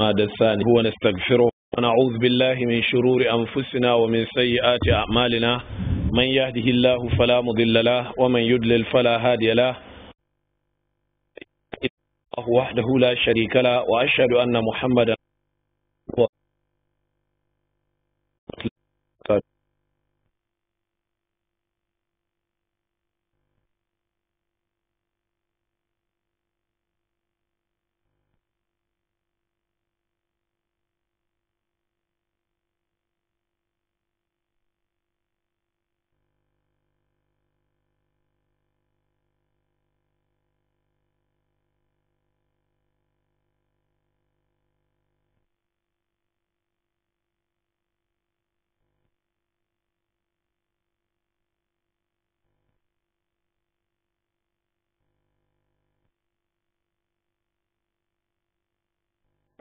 هذا الثاني هو نستغفره ونعوذ بالله من شرور أنفسنا ومن سيئات أعمالنا من يهده الله فلا مضل له ومن يدلل فلا هادي له الله وحده لا شريك له وأشهد أن محمدا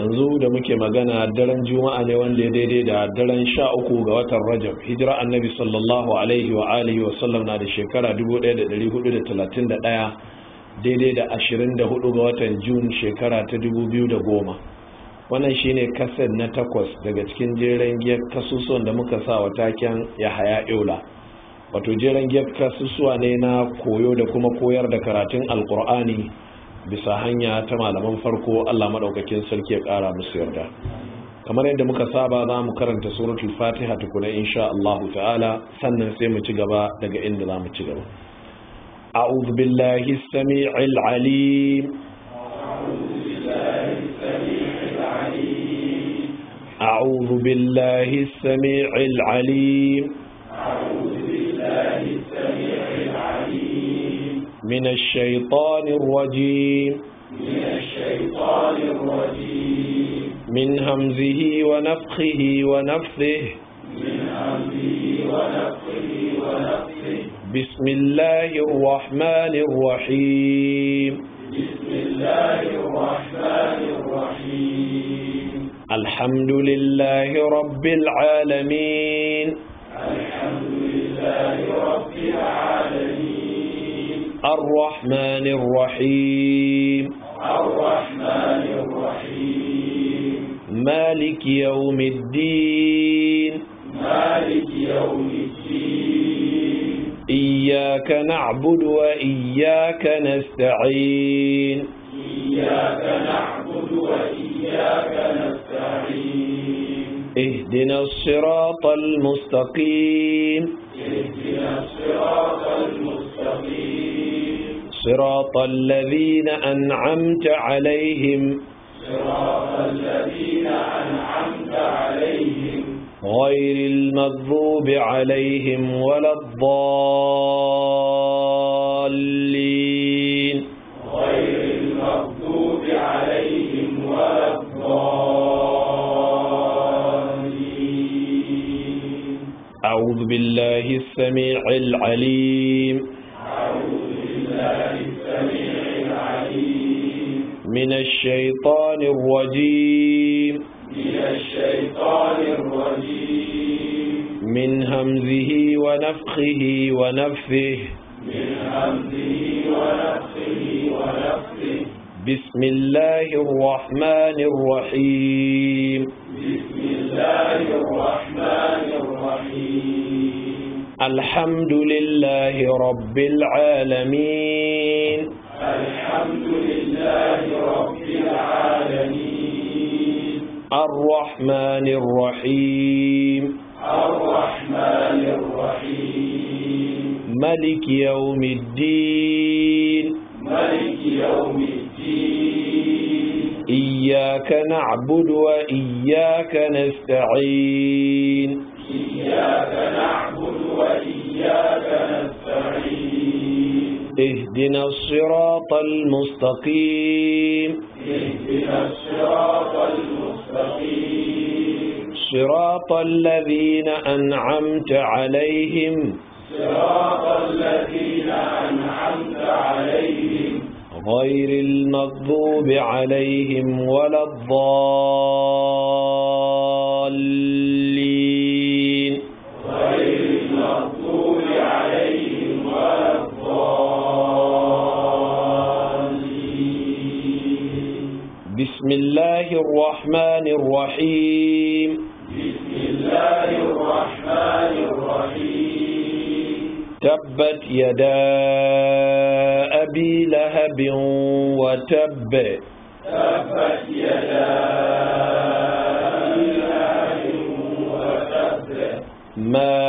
yanzu da muke magana daren juma'a ne wanda ya daidai da daren sha uku ga watan rajab hijira annabi sallallahu alaihi wa alihi wa sallam na da shekara 1431 daidai da 24 ga watan jun shekara ta 2010 wannan shine kaset na takwas daga cikin jeren giyar kasusuwan da muka sa wa taken yahaya eula wato jeren giyar kasusuwa ne na koyo da kuma koyar da karatun alkur'ani bisa hanya ta malaman farko Allah madaukakin sarki ya kara musu yarda kamar yadda muka saba za mu karanta suratul fatiha tukuna insha Allah ta'ala sannan sai mu ci gaba daga inda za mu ci gaba a'udhu billahi as-sami'il 'alim أعوذ بالله السميع العليم أعوذ بالله السميع من الشيطان الرجيم من الشيطان الرجيم من همزه ونفخه ونفثه من همزه ونفخه ونفثه بسم الله الرحمن الرحيم بسم الله الرحمن الرحيم الحمد لله رب العالمين الحمد لله رب العالمين الرحمن الرحيم الرحمن الرحيم مالك يوم الدين مالك يوم الدين إياك نعبد وإياك نستعين إياك نعبد وإياك نستعين اهدنا الصراط المستقيم اهدنا الصراط المستقيم صراط الذين أنعمت عليهم صراط الذين أنعمت عليهم غير المغضوب عليهم ولا الضالين غير المغضوب عليهم ولا الضالين أعوذ بالله السميع العليم من الشيطان الرجيم من الشيطان الرجيم من همزه ونفخه ونفثه من همزه ونفخه ونفثه بسم الله الرحمن الرحيم بسم الله الرحمن الرحيم الحمد لله رب العالمين الحمد لله رب العالمين الرحمن الرحيم الرحمن الرحيم ملك يوم الدين ملك يوم الدين إياك نعبد وإياك نستعين إياك نعبد وإياك نستعين اهدنا الصراط المستقيم اهدنا الصراط المستقيم صراط الذين أنعمت عليهم صراط الذين أنعمت عليهم غير المغضوب عليهم ولا الضالين بسم الله الرحمن الرحيم بسم الله الرحمن الرحيم تبت يدا أبي لهب وتب تبت يدا أبي لهب وتب ما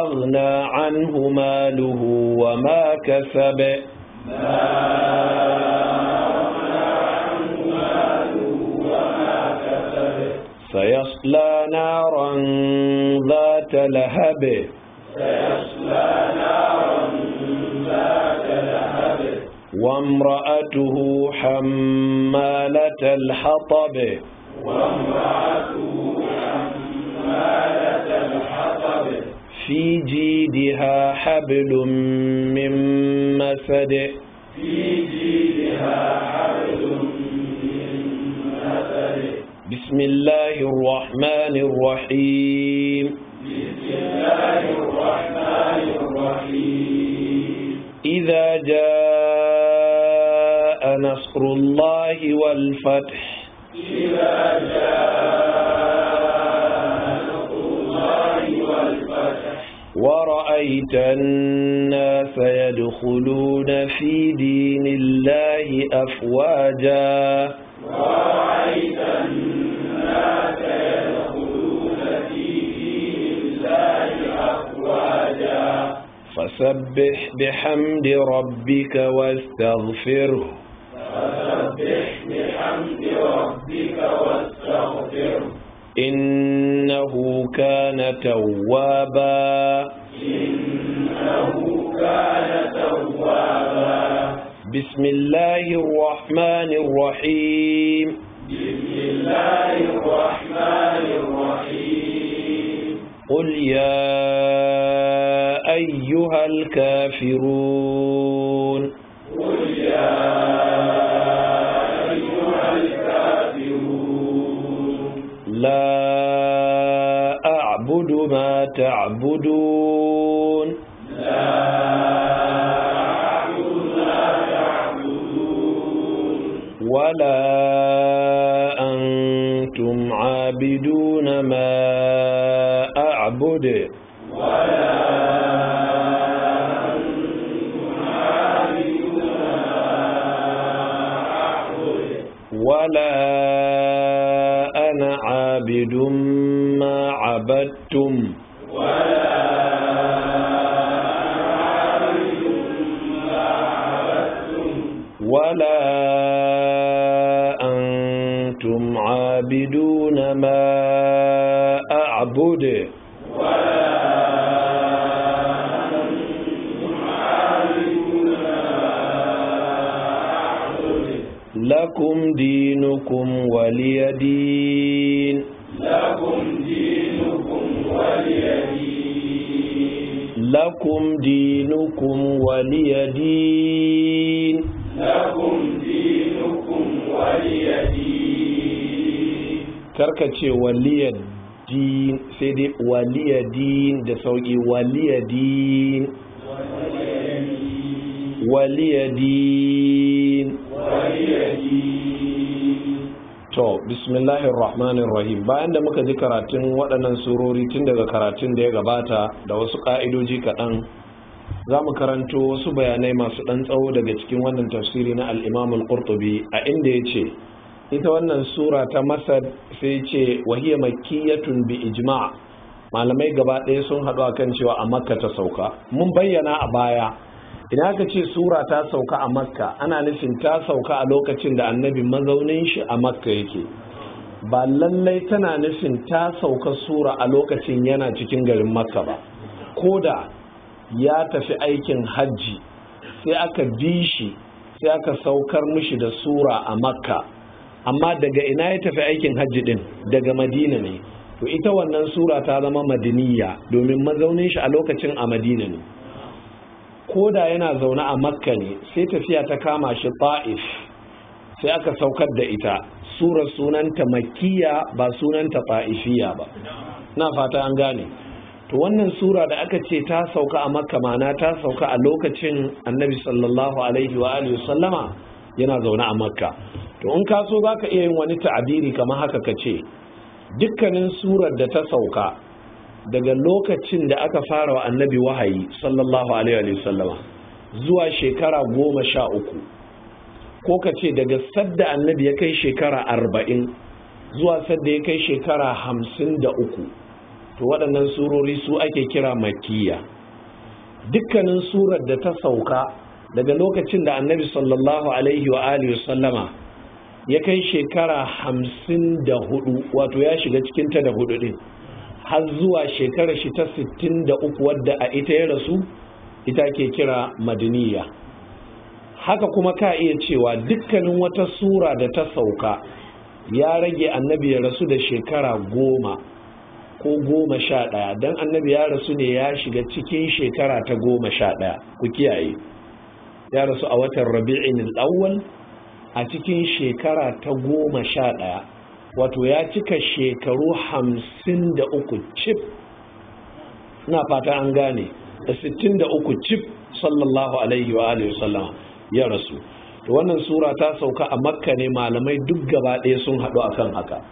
أغنى عنه ماله وما كسب ما لهب سيصلى نارا ذات لهب وامرأته حمالة الحطب وامرأته حمالة الحطب في جيدها حبل من مسد في جيدها حبل من مسد بسم الله الرحمن الرحيم ذكر الله والفتح إذا جاء الله والفتح ورأيت الناس يدخلون في دين الله أفواجا ورأيت الناس يدخلون في دين الله أفواجا فسبح بحمد ربك واستغفره فسبح بحمد ربك واستغفره إنه كان توابا إنه كان توابا بسم الله الرحمن الرحيم بسم الله الرحمن الرحيم قل يا أيها الكافرون قل يا لا أعبد ما تعبدون لا أعبد ما تعبدون ولا أنتم عابدون ما تعبدون عابد ما عبدتم ولا عابد ما عبدتم ولا أنتم عابدون ما أعبد ولا لكم دينكم ولي دين kum دينكم ولي دين لكم دينكم ولي دين كركتي ولي din sai dai waliya din da sauki waliya din waliya din to bismillahir rahmanir rahim bayan da muka ji karatun waɗannan surori tun daga karatun da ya gabata da wasu ƙa'idoji kaɗan za mu karanto wasu bayanai masu ɗan tsawo daga cikin wannan tafsiri na al'imamul qurtubi a inda ya ce ita wannan sura ta Masad sai ce wahiyar makkiyatun bi ijma malamai gaba ɗaya sun haɗu akan cewa a makka ta sauka mun bayyana a baya Ina ka ce sura ta sauka a makka ana nufin ta sauka a lokacin da annabi mazaunin shi a makka yake ba lallai tana nufin ta sauka sura a lokacin yana cikin garin makka ba ko da ya tafi aikin hajji sai aka bi shi sai aka saukar mishi da sura a makka amma daga ina ya tafi aikin hajji din daga madina ne to ita wannan sura ta zama madiniya domin mazaunin shi a lokacin a madina ne Koda yana zaune a makka ne sai tafiya ta kama shi ta'if sai aka saukar da ita surar sunanta makkiya ba sunanta ta'ifiya ba na fata an gane to wannan sura da aka ce ta sauka a makka mana ta sauka a lokacin annabi sallallahu alaihi wa alihi sallama yana zaune a makka to in ka so zaka iya yin wani ta'abiri kamar haka kace ce dukkanin surar da ta sauka daga lokacin da aka fara wa annabi wahayi sallallahu alaihi wasallama zuwa shekara goma sha uku ko ka ce daga sadda annabi ya kai shekara arba'in zuwa sadda ya kai shekara hamsin da uku to waɗannan surori su ake kira makiya dukkanin surar da ta sauka daga lokacin da annabi sallallahu alaihi wa alihi ya kai shekara hamsin da hudu wato ya shiga cikin ta da hudu din har zuwa shekarar shi ta uku wadda a ita ya rasu ita ke kira madaniya haka kuma ka iya cewa dukkanin wata sura da ta sauka ya rage annabi ya rasu da shekara goma ko goma sha ɗaya don annabi ya rasu ne ya shiga cikin shekara ta goma sha ɗaya ku kiyaye ya rasu a watan rabi'in al'awwal a cikin shekara ta goma sha ɗaya wato ya cika shekaru hamsin da uku cif na fata an gane da sittin da uku cif sallallahu alaihi wa alaihi wasallam ya rasu to wannan sura ta sauka a makka ne malamai duk gaba ɗaya sun haɗu a kan haka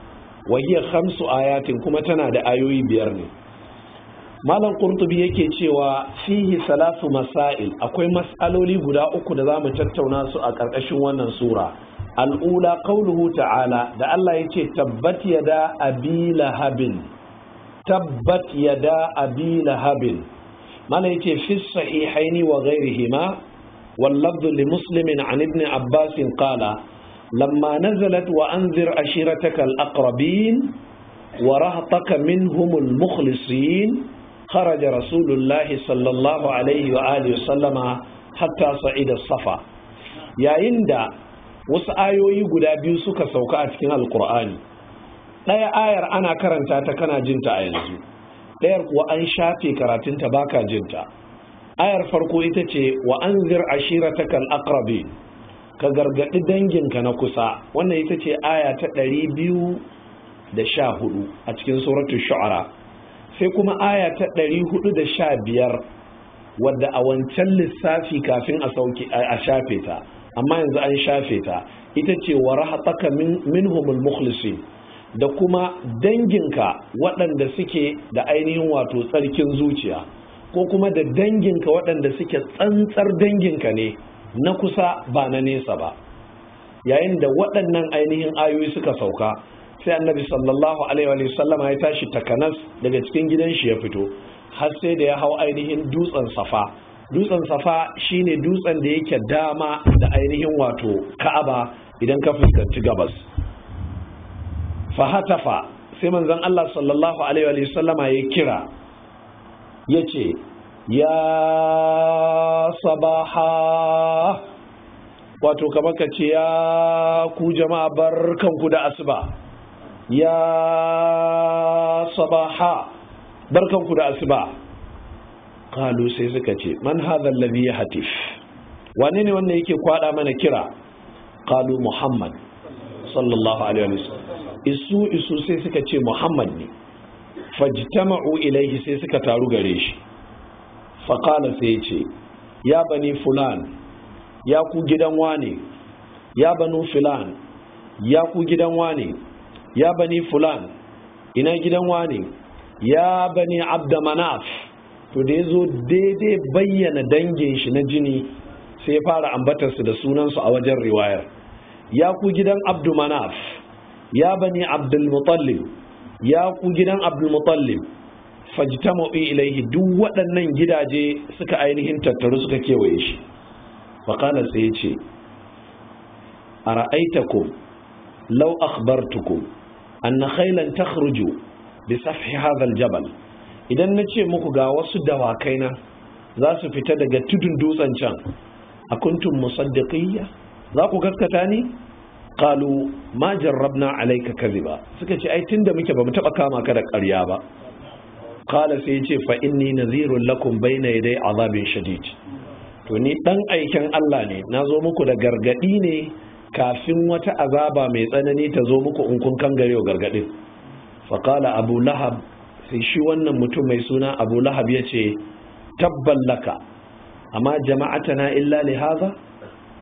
wahiya hamsu ayatin kuma tana da ayoyi biyar ne malam kurtubi yake cewa fihi salasu masail akwai mas'aloli guda uku da za mu tattauna su a ƙarƙashin wannan sura al'ula qauluhu ta'ala da Allah ya ce tabbat yada abi lahabin tabbat yada abi lahabin mala ya ce fi sahihaini wa ghairihima wal lafdh li muslimin an ibn abbas qala lamma nazalat wa anzir ashirataka al aqrabin wa rahtaka minhum al mukhlisin خرج رسول الله صلى الله عليه وآله وسلم حتى yayin da wasu ayoyi guda biyu suka sauka a cikin alkur'ani ɗaya ayar ana karanta ta kana jinta a yanzu ɗayar kuwa an shafe karatunta baka jinta ayar farko ita ce wa an zir ta kan aqrabin ka gargaɗi danginka na kusa wannan ita ce aya ta ɗari biyu da sha hudu a cikin suratu shu'ara sai kuma aya ta ɗari hudu da sha biyar wadda a wancan lissafi kafin a shafe ta amma yanzu an shafe ta ita ce wa rahataka minhumul mukhlisin da kuma danginka waɗanda suke da ainihin wato tsarkin zuciya ko kuma da danginka waɗanda suke tsantsar danginka ne na kusa ba na nesa ba yayin da waɗannan ainihin ayoyi suka sauka sai annabi sallallahu alaihi wa sallama ya tashi takanas daga cikin gidan shi ya fito har sai da ya hau ainihin dutsen safa dutsen safa shine dutsen da yake dama da ainihin wato ka'aba idan ka fuskanci gabas fahatafa sai manzon Allah sallallahu alaihi wa sallama ya kira yace ya sabaha wato kamar ka ce ya ku jama'a barkanku da asuba ya sabaha barkanku da asuba Kalu sai suka ce man hadha alladhi yahtif wane ne wanda yake kwada mana kira Kalu muhammad sallallahu alaihi wasallam isu isu sai suka ce muhammad ne fajtama'u ilaihi sai suka taru gare shi faqala sai ce ya bani fulan ya ku gidan wane ya banu fulan ya ku gidan wane ya bani fulan ina gidan wane ya bani abda manaf to da ya zo daidai bayyana dangin shi na jini sai ya fara ambatarsu da sunansu a wajen riwayar ya ku gidan abdu manaf ya bani abdulmutallib ya ku gidan abdulmutallib fajtama'i ilaihi duk waɗannan gidaje suka ainihin tattaru suka kewaye shi faƙalar sai ya ce a ra'aitakum lau akhbartukum anna khailan takhruju bi safhi hadha jabal idan na ce muku ga wasu dawakai na za su fita daga tudun dutsen can a kuntun musaddiqiyya za ku gaskata ni qalu ma jarrabna alayka kadhiba suka ce ai tunda muke bamu taba kama ka da ƙarya ba qala sai ya ce fa inni bai lakum bayna yaday azabin shadid to ni dan aikin Allah ne na zo muku da gargadi ne kafin wata azaba mai tsanani ta zo muku in kun kangare gargadin fa qala abu lahab sai shi wannan mutum mai suna abu lahab ya ce tabbalaka. amma na illa lihaza haza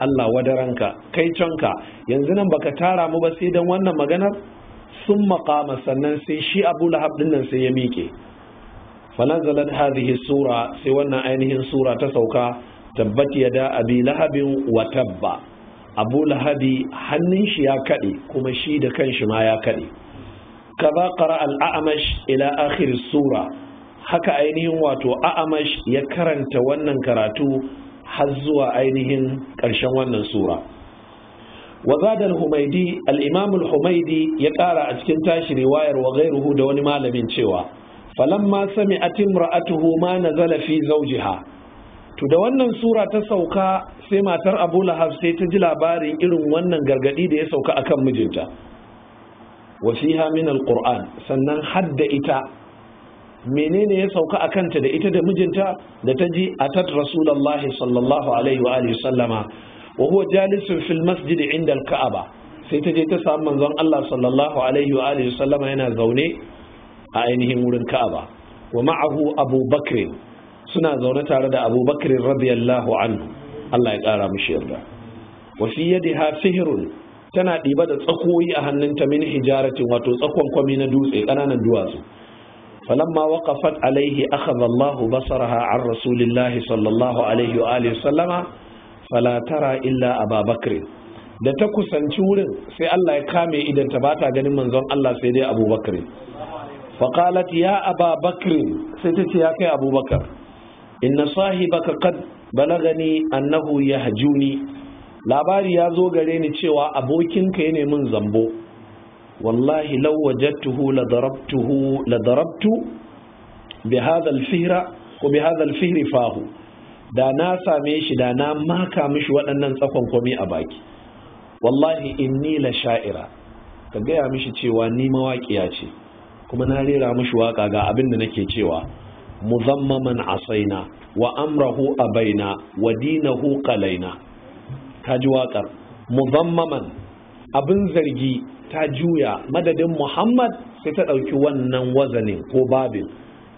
Allah wadaranka kai canka yanzu nan baka tara mu ba sai dan wannan maganar sun makama sannan sai shi abu lahab din nan sai ya mike falazalar hazihi sura sai wannan ainihin sura ta sauka tabbat ya da abi lahabin wa tabba abu lahabi hannun shi ya kaɗe kuma shi da kanshi ma ya kaɗe kaza qara al-a'mash ila akhir sura haka ainihin wato a'amash ya karanta wannan karatu har zuwa ainihin ƙarshen wannan sura وزاد الحميدي الإمام الحميدي يقرأ أسكن تاشري واير وغيره دون ما لم شوى sami سمعت a ما na zalafi zaujiha, to da wannan sura ta sauka sai matar Abu Lahab sai ta ji labarin irin wannan gargadi da ya sauka akan mijinta wa fiha min alquran sannan hadda ita menene ya sauka a kanta da ita da mijinta da ta ji atat rasulullahi sallallahu alaihi wa alihi sallama wa huwa jalisun fil masjidi inda alka'aba sai ta je ta samu manzon Allah sallallahu alaihi wa alihi sallama yana zaune a ainihin wurin ka'aba wa ma'ahu abu bakr suna zaune tare da abu bakr radiyallahu anhu Allah ya kara mishi yarda wa fi yadiha sihrun tana ɗiba da tsakoyi a hannunta min hijaratin wato tsakon kwami na dutse ƙananan duwatsu falamma waqafat alaihi akhadha Allahu basaraha an rasulillahi sallallahu alaihi wa alihi sallama fala illa Ababakar. da ta kusanci wurin sai Allah ya kame idan ta bata ganin manzon Allah sai dai Abubakar faqalat ya Ababakar sai ta ce ya kai Abubakar inna sahibaka qad balagani annahu yahjuni labari ya zo gare ni cewa abokinka ya nemi zambo wallahi law wajadtuhu la darabtuhu la darabtu bi ko bi hadha fahu da na same shi da na maka mishi waɗannan tsakon kwami a baki wallahi in ni la sha'ira ka gaya mishi cewa ni mawaƙiya ce kuma na rera mishi waƙa ga abin da nake cewa muzammaman asaina wa amrahu abaina wa dinahu qalaina ta ji waƙar muzammaman abin zargi ta juya madadin muhammad sai ta ɗauki wannan wazanin ko babin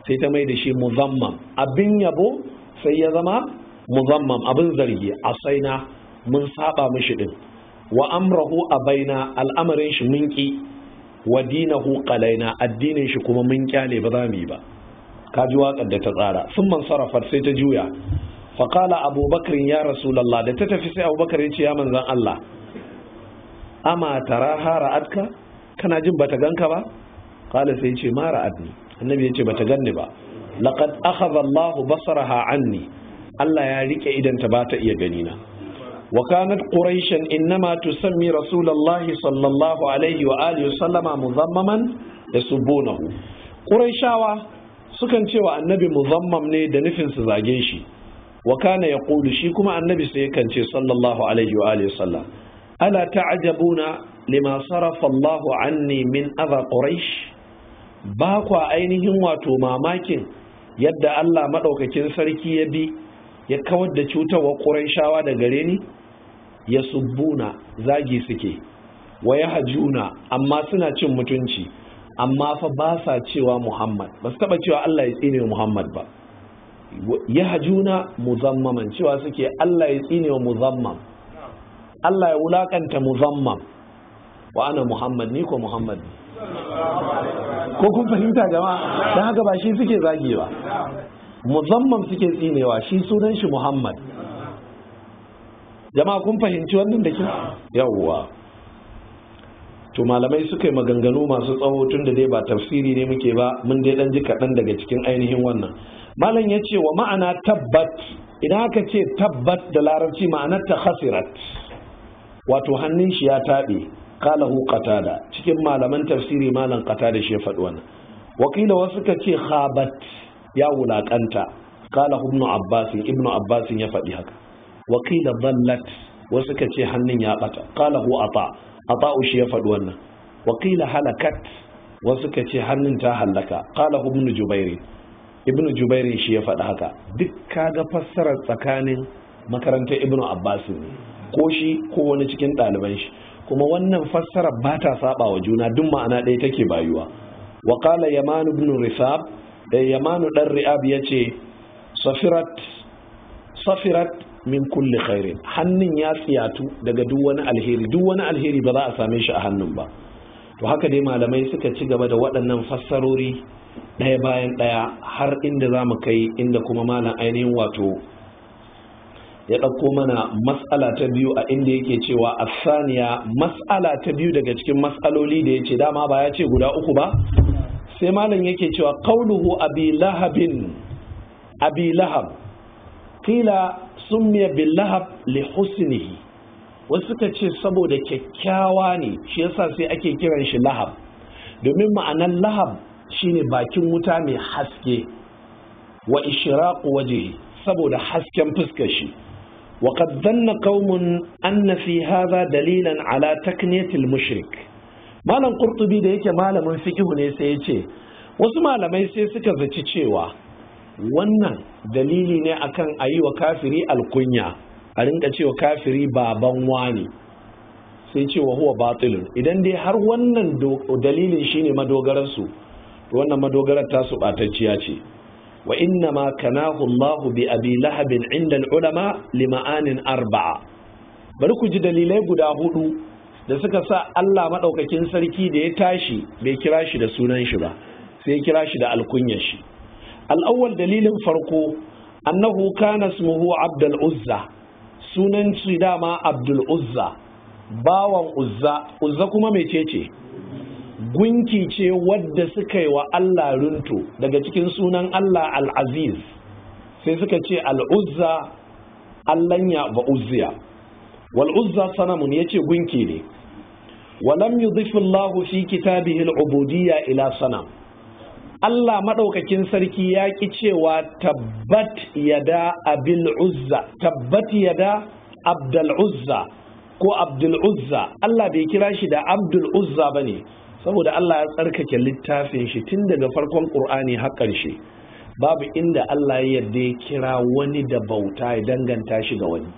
sai ta mai da shi muzammam abin yabo sai ya zama muzammam abin zargi a saina mun saba mishi ɗin. wa amrahu a baina al'amarin shi mun ki wa dinahu addinin shi kuma mun ƙyale ba za mu yi ba ka ji waƙar da ta tsara sun man sarrafa sai ta juya faƙala abubakar ya rasulallah da ta tafi sai abubakar ya ce ya manzan Allah ama tara ha ra'atka kana jin bata ganka ba qala sai ce mara adni. annabi ya ce bata ganni ba laqad akhadha Allah basaraha anni Allah ya rike idan ta bata iya gani na wa kanat quraishan innama tusammi rasulullah sallallahu alaihi wa alihi sallama mudhammaman yasubunahu quraishawa sukan cewa annabi muzammam ne da nufin su zage shi wa kana ƙulu shi kuma annabi sai yakan ce sallallahu alaihi wa alihi sallam ala ta'jabuna lima sarafa Allahu anni min aza quraish ba kwa ainihin wato mamakin yadda Allah madaukakin sarki ya bi ya kawar da cutarwa quraishawa da gare ni ya subbuna zagi suke wa yahjuna amma suna cin mutunci amma fa ba sa cewa Muhammad ba su taba cewa Allah ya tsine Muhammad ba ya hajuna muzammaman cewa suke Allah ya tsine wa muzammam Allah ya wulakanta muzammam wa ana Muhammad ni ko Muhammad ko kun fahimta jama'a dan haka ba shi suke zagi ba muzammam suke tsinewa shi sunan shi Muhammad jama'a kun fahimci wannan da ke yawwa to malamai suka yi maganganu masu tsawo tun da dai ba tafsiri ne muke ba mun dai dan ji kaɗan daga cikin ainihin wannan malam ya ce wa ma'ana tabbat idan aka ce tabbat da larabci ma'anar ta khasirat wato hannun shi ya taɓe hu qatada cikin malaman tafsiri malam qatada shi ya faɗi wannan wakila wasu ka ce khabat ya wulaƙanta kalahu ibnu abbas ibnu abbas ya faɗi haka wakila dallat wasu ka ce hannun ya kala hu ata ata shi ya faɗi wannan wakila halakat wasu ka ce hannun ta hallaka kalahu ibnu jubairi ibn jubairin shi ya faɗi haka duk kaga fassarar tsakanin makarantar ibn abbas ne ko shi ko wani cikin ɗaliban shi kuma wannan fassarar ba ta saba wa juna duk ma'ana ɗaya take bayuwa wa qala yaman ibn risab da yaman ɗan ri'ab ya ce safirat min kulli khairin hannun ya tsiyatu daga duk wani alheri duk wani alheri ba za a same shi a hannun ba to haka dai malamai suka ci gaba da waɗannan fassarori ɗaya bayan ɗaya har inda za mu kai inda kuma malam ainihin wato ya ɗauko mana matsala ta biyu a inda yake cewa a saniya matsala ta biyu daga cikin matsaloli da ya ce dama ba ya ce guda uku ba sai malam yake cewa kauluhu abi lahabin abi lahab kila miya bi lahab li husnihi wasu suka ce saboda kyakkyawa ne shi yasa sai ake kiran shi lahab domin ma'anar lahab shine bakin wuta mai haske wa ishraqu wajhi saboda hasken fuskar shi wa qad dhanna qaumun anna fi hadha dalilan ala takniyatil mushrik malam qurtubi da yake malamin fiqh ne sai yace wasu malamai sai suka zaci cewa wannan dalili ne akan a yiwa kafiri alkunya a rinka cewa kafiri baban wani sai ce wa huwa batilun idan dai har wannan dalilin shine madogararsu to wannan madogarar ta su batacciya ce wa inna ma kanahu Allahu bi abi lahabin inda ulama lima'anin arba'a bari ku ji dalilai guda hudu da suka sa Allah madaukakin sarki da ya tashi bai kira shi da sunan shi ba sai ya kira shi da alkunyar shi al dalilin farko annahu kana ismuhu Abdul Uzza sunan shi dama Abdul Uzza bawan Uzza Uzza kuma mecece ce gunki ce wadda suka yi wa Allah runtu daga cikin sunan Allah Al'aziz, sai suka ce Al'uzza allanya ba uzziya wal’uzza sanamun ya ce gunki ne walam yudhifu shi fi kitabihi ubudiyya ila sanam Allah maɗaukakin sarki ya ƙi cewa tabbat yada abil uzza tabbat yada abdul uzza ko abdul uzza Allah bai kira shi da abdul uzza ne. saboda Allah ya tsarkake littafin shi tun daga farkon Qur'ani har ƙarshe babu inda Allah ya yarda ya kira wani da bauta ya danganta shi ga wani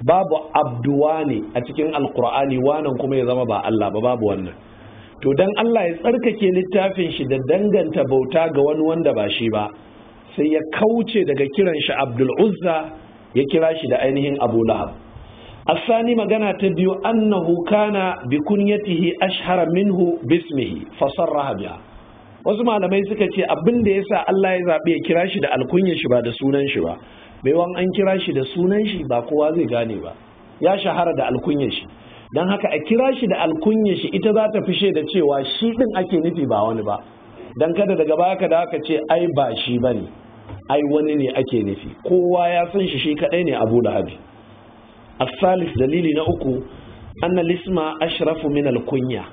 babu abduwani a cikin Alƙur'ani. wannan kuma ya zama ba Allah ba babu wannan to dan Allah ya tsarkake littafin shi da danganta bauta ga wani wanda ba shi ba sai ya kauce daga kiran shi Abdul Uzza ya kira shi da ainihin Abu الثاني مجانا تبيو أنه كان بكنيته أشهر منه باسمه فصرها بها wasu malamai suka ce abin da ya sa Allah ya zaɓe ya kira shi da alkunyar shi ba da sunan shi ba wan an kira shi da sunan shi ba kowa zai gane ba ya shahara da alkunyar shi don haka a kira shi da alkunyar shi ita za ta fishe da cewa shi ɗin ake nufi ba wani ba don kada daga baya ka da ka ce ai ba shi ba ai wani ne ake nufi kowa ya san shi shi kaɗai ne abu da habi الثالث دليل نأكو أن الاسم أشرف من الكنية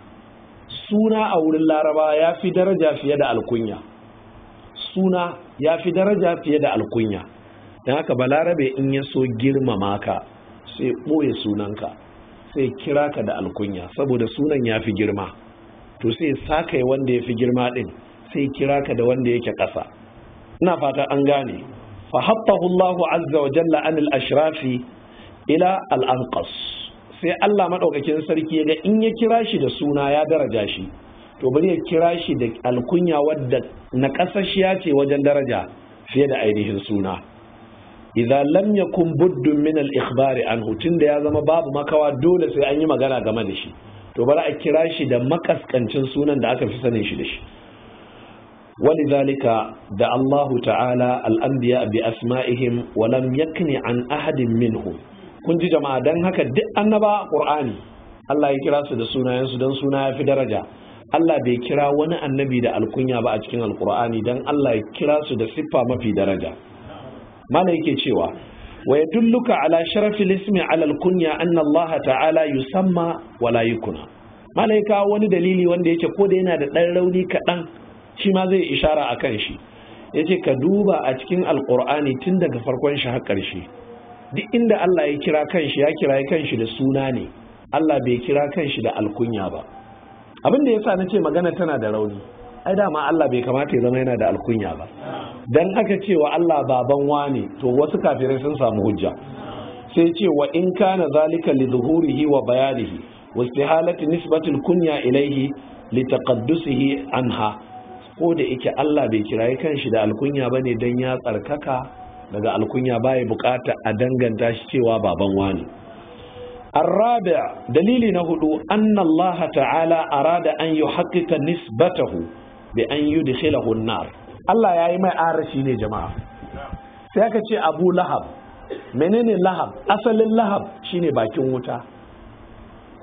سونا أو للاربا يا في درجة في يد الكنية سونا يا في درجة في يد الكنية da haka balarabe in ya so girmama ka sai ɓoye sunanka sai kira ka da alkunya saboda sunan ya fi girma to sai sakai wanda ya fi girma ɗin sai kira ka da wanda yake ƙasa ina fata an gane fa haɓɓahu Allahu azza wa jalla anil ashrafi ila al'anqas sai Allah maɗaukakin sarki ga in ya kira shi da suna ya daraja shi to bari ya kira shi da alkunya wadda na ƙasashiya ce wajen daraja fiye da ainihin suna idan lam yakun buddun min al-ikhbari hutun da ya zama babu makawa dole sai an yi magana game da shi to bari a kira shi da makaskancin sunan da aka fi sanin shi da shi ولذلك دعا الله تعالى الأنبياء بأسمائهم ولم يكن عن أحد منهم kun ji jama'a don haka duk annaba a ƙur'ani Allah ya kira su da sunayensu don suna ya fi daraja Allah bai kira wani annabi da alkunya ba a cikin alkur'ani don Allah ya kira su da siffa mafi daraja mana yake cewa wa dulluka ala sharafi, ismi ala alkunya Allah ta'ala yusamma wala yukuna mana ya kawo wani dalili wanda yake ko da yana da ɗan rauni kaɗan shi ma zai ishara a kan shi yace ka duba a cikin alkur'ani tun daga farkon shi har ƙarshe duk inda Allah ya kira kanshi ya kira kanshi da suna ne Allah bai kira kanshi da alkunya ba abin da yasa nace magana tana da rauni ai dama Allah bai kamata ya zama yana da alkunya ba dan aka cewa wa Allah baban wani to wasu kafirai sun samu hujja sai ce wa in kana zalika li zuhurihi wa bayanihi wa istihalati nisbati kunya ilaihi li taqaddusihi anha ko da yake Allah bai kirayi kanshi da alkunya bane dan ya tsarkaka Daga alkunya baya bukata a danganta shi cewa baban wani. al dalili na hudu Ani Allah Ta'ala arada an yi wa hakika nisabatahu da an yudi kilahun nar. Allah ya yi mai arashi ne jama'a. Sai aka ce Abu Lahab, menene Lahab? Asalin Lahab shine bakin wuta.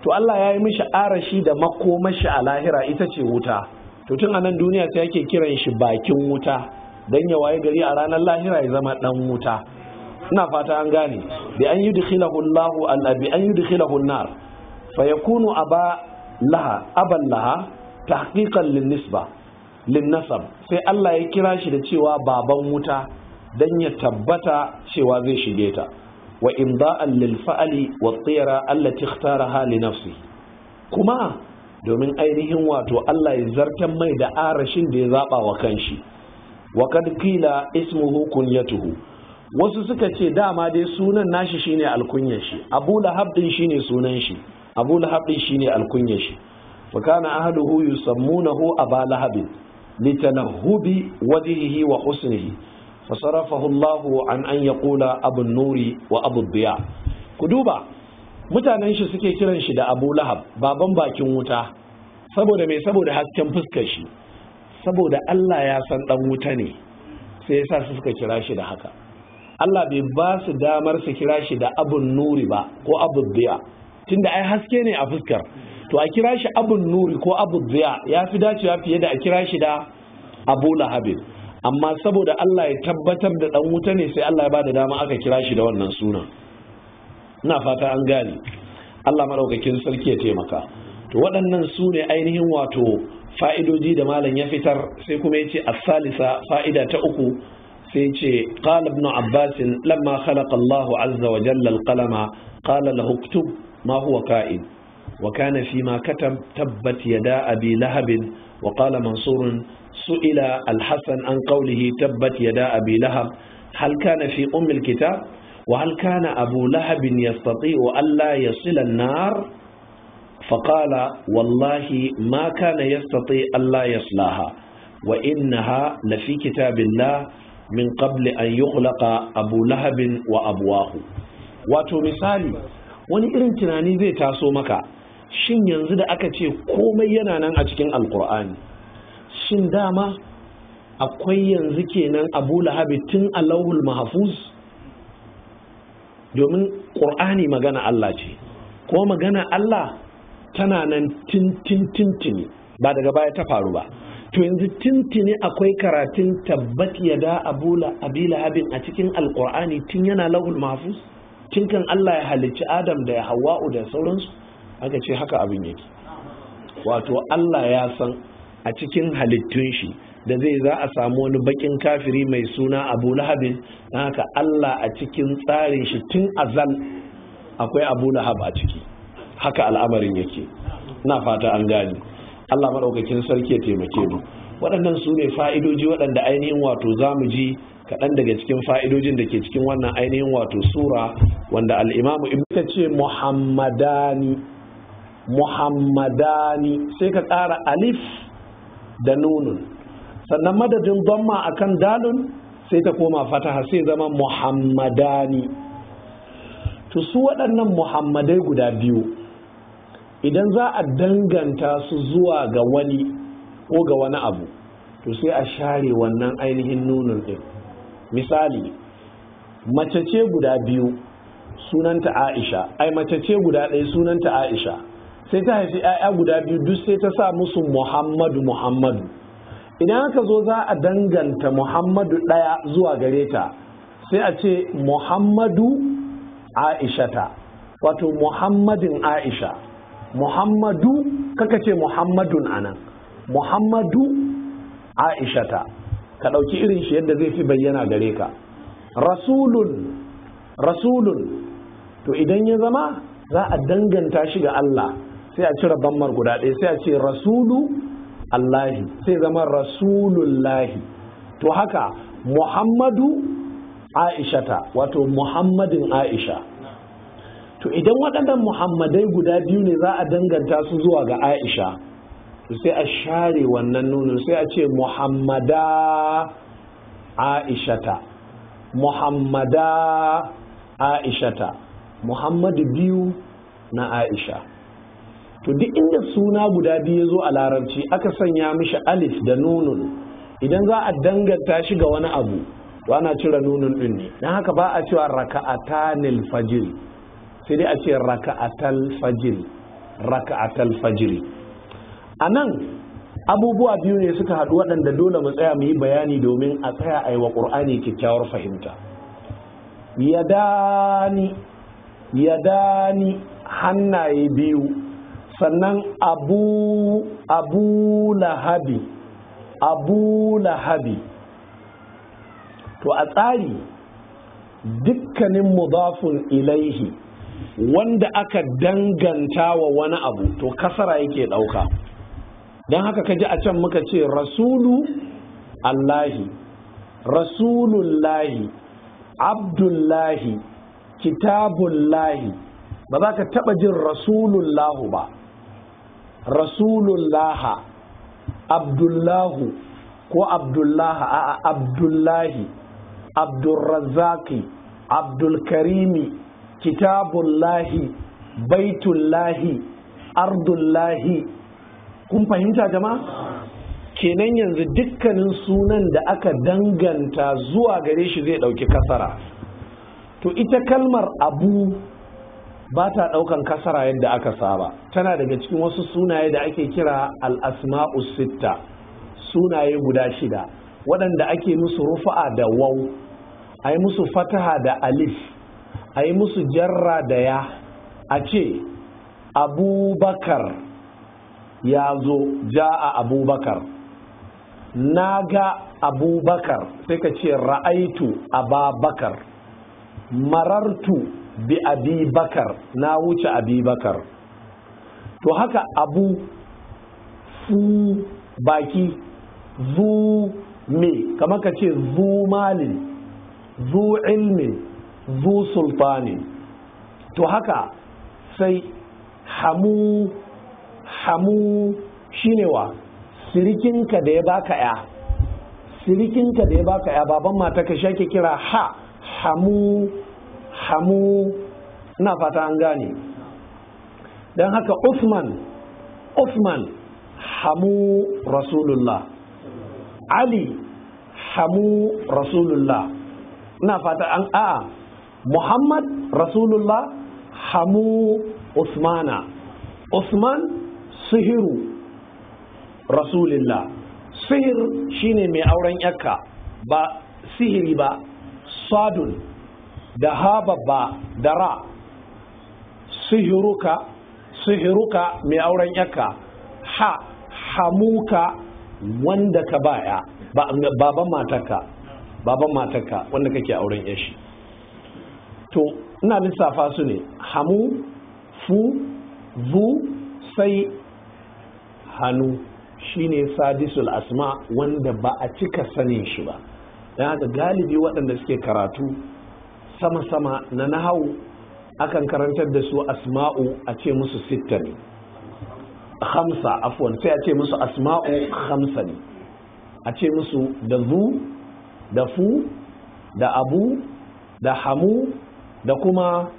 To Allah ya yi ma arashi da makomashi a lahira, ita ce wuta. To tun anan duniya sai ake kiran shi bakin wuta. dan ya waye gari a ranar lahira ya zama dan wuta ina fata an gane bi an yudkhilahu Allahu an bi an yudkhilahu an-nar fa aba laha aban laha tahqiqan lin-nisba lin-nasab sai Allah ya kira shi da cewa baban wuta dan ya tabbata cewa zai shige ta wa imda'an lil-fa'li wat-tira allati ikhtaraha li nafsi kuma domin ainihin wato Allah ya zartan mai da arashin da ya zaba wa kanshi wa kad kila ismuhu kunyatuhu wasu suka ce dama dai sunan nashi shine alkunyar shi abu lahab din shine sunan shi abu lahab din shine alkunyar shi fa kana ahluhu yusammunahu aba lahab litanahhubi wajhihi wa husnihi fasarafahu Allahu an an yaqula abu nuri wa abu diya ku duba mutanen shi suke kiran shi da abu lahab baban bakin wuta saboda mai saboda hasken fuskar shi saboda Allah ya san dan wuta ne sai yasa su suka kira shi da haka Allah bai ba su damar su kira shi da abun nuri ba ko abun biya tunda ai haske ne a fuskar to a kira shi abun nuri ko abun biya ya fi dacewa fiye da a kira shi da abu lahabin amma saboda Allah ya tabbatar da dan wuta ne sai Allah ya ba da dama aka kira shi da wannan sunan ina fata an gane Allah madaukakin sarki ya taimaka to waɗannan su ne ainihin wato fa'idoji da malam ya fitar sai kuma ya ce asalisa fa'ida ta uku sai ce qala ibn abbas lamma khalaqa allahu azza wa jalla alqalama qala lahu kutub ma huwa ka'in wa kana fi ma katab tabbat yada abi lahab wa qala mansur su'ila al-hasan an qawlihi tabbat yada abi lahab hal kana fi umm al-kitab وهل كان أبو wa يستطيع ألا يصل النار؟ فقال والله ما كان يستطيع الله يصلاها وإنها لفي كتاب الله من قبل أن يغلق أبو لهب وأبواه wato misali wani irin tunani zai taso maka shin yanzu da aka ce komai yana nan a cikin alkur'ani shin dama akwai yanzu kenan abu lahabi tun alawul mahafuz domin ƙur'ani magana Allah ce ko magana Allah tana nan tintini ba daga baya ta faru ba to yanzu tintini akwai karatun tabbat ya da abula abila habin a cikin alkur'ani tun yana lahul mahfuz tun kan Allah ya halicci Adam da ya Hawwa'u da sauransu aka ce haka abin yake wato Allah ya san a cikin halittun shi da zai za a samu wani bakin kafiri mai suna abu lahabin don haka Allah a cikin tsarin shi tun azal akwai abu lahab a ciki haka al'amarin yake na fata an gani Allah maɗaukakin sarki ya taimake mu waɗannan su ne fa'idoji waɗanda ainihin wato za mu ji kaɗan daga cikin fa'idojin da ke cikin wannan ainihin wato sura wanda al'imamu ibn ce muhammadani muhammadani sai ka ƙara alif da nunun sannan madadin a kan dalun sai ta koma fataha sai zama muhammadani to su waɗannan muhammadai guda biyu idan za a danganta su zuwa ga wani ko ga wani abu to sai a share wannan ainihin nunin ɗin misali mace ce guda biyu sunanta aisha ai mace guda ɗaya sunanta aisha sai ta haifi 'ya'ya guda biyu duk sai ta sa musu muhammadu muhammadu idan aka zo za a danganta muhammadu ɗaya zuwa gare ta sai a ce muhammadu Aisha ta, wato muhammadin aisha muhammadu kaka ce muhammadun anan muhammadu aishata ka ɗauki irin shi yadda zai fi bayyana gare ka rasulun rasulun to idan ya zama za a danganta shi ga Allah sai a cire rabammar guda ɗaya sai a ce rasulu Allahi sai zama rasulullahi to haka muhammadu aishata wato muhammadin aisha to idan waɗannan muhammadai guda biyu ne za a danganta su zuwa ga aisha sai a share wannan nunin sai a ce muhammada aishata muhammada aishata muhammadu biyu na aisha to duk inda suna guda biyu ya zo a larabci aka sanya mishi alif da nunun idan za a danganta shi ga wani abu ana cire nunun ɗin ne don haka ba a cewa raka'atanil fajiri sai dai a ce raka'atal fajr raka'atal fajri anan abubuwa biyu ne suka haɗu waɗanda dole mu tsaya mu yi bayani domin a tsaya a yi wa ƙur'ani kyakkyawar fahimta yadani yadani hannaye biyu sannan abu abu lahabi abu lahabi to a tsari dukkanin mudafun ilaihi wanda aka danganta wa wani abu to kasara yake ɗauka don haka ka ji a can muka ce rasulu allahi rasulullahi abdullahi kitabullahi ba za ka taɓa jin rasulullahu ba rasulullaha abdullahu ko abdullaha a abdullahi abdulrazaki abdulkarimi kitabullahi baitullahi ardullahi kun fahimta jama'a kenan yanzu dukkanin sunan da aka danganta zuwa gare shi zai ɗauki kasara to ita kalmar abu ba ta ɗaukan kasara yadda aka saba tana daga cikin wasu sunaye da ake kira Al-Asma'u sitta sunaye guda shida waɗanda ake musu rufa'a da wau a musu fataha da alif a yi musu jarra da ya a ce abubakar ya zo ja a abubakar na ga abubakar sai ka ce ra'aitu babakar marartu bi abibakar na wuce abibakar to haka abu su baki zu me kamar ka ce zu malin zu ilmin zu sultani. to haka sai hamu hamu shine wa sirikinka da ya baka ya sirikinka da ya baka ya baban mata ka shake kira ha hamu hamu ina fata an gane don haka Usman Usman hamu rasulullah Ali hamu rasulullah ina fata an a'a muhammad rasulullah hamu usmana usman sihiru rasulillah sihir shine mai auren yakka ba sihiri ba sadun da haba ba da ra sihiruka sihiruka mai auren yakka ha hamuka wanda ka baya baban matarka baban matarka wanda kake auren yashi to ina lissafa su ne hamu fu zu sai hannu Shi ne sadisul asma wanda ba a cika sanin shi ba don haka galibi waɗanda suke karatu sama-sama na nahau akan karantar da su asma'u a ce musu sita ne hamsa afon sai a ce musu asma'u hamsa ne a ce musu da zu da fu da abu da hamu da kuma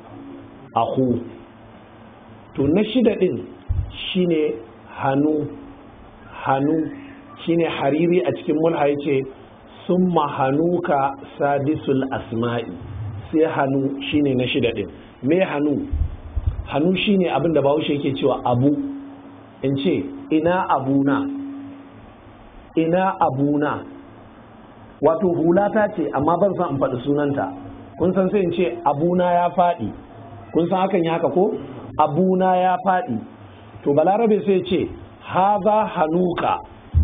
ahu to na shida din shine hannu hannu shine hariri a cikin mulha yace summa hanuka sadisul asma'i sai hannu shine na shida din me hannu hannu shine abin da bahaushe yake cewa abu in ce ina abuna ina abuna wato hulata ce amma ban san in faɗi sunanta kun san sai in ce abuna ya faɗi kun san hakan ya haka ko abuna ya faɗi to balarabe sai ce haza hanuka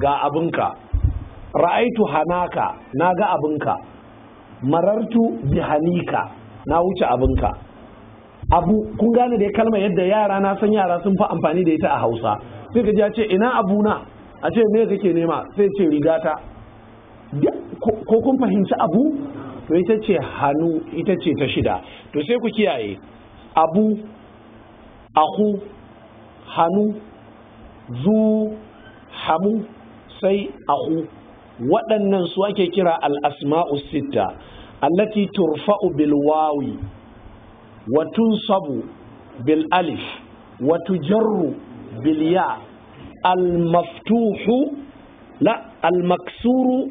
ga abinka ra'aitu hanaka na ga abinka marartu bihanika na wuce abinka abu kun gane da ya kalma yadda yara na san yara sun fi amfani da ita a hausa sai ka ji ce ina abuna a ce me kake nema sai ce rigata ko kun fahimci abu to ita ce hannu ita ce ta shida to sai ku kiyaye abu Ahu, hannu zu hamu sai Ahu. waɗannan su ake kira al'asma'u sitta allati turfa'u bil wawi wa tunsabu bil alif wa tujarru bil ya al maftuhu la al maksuru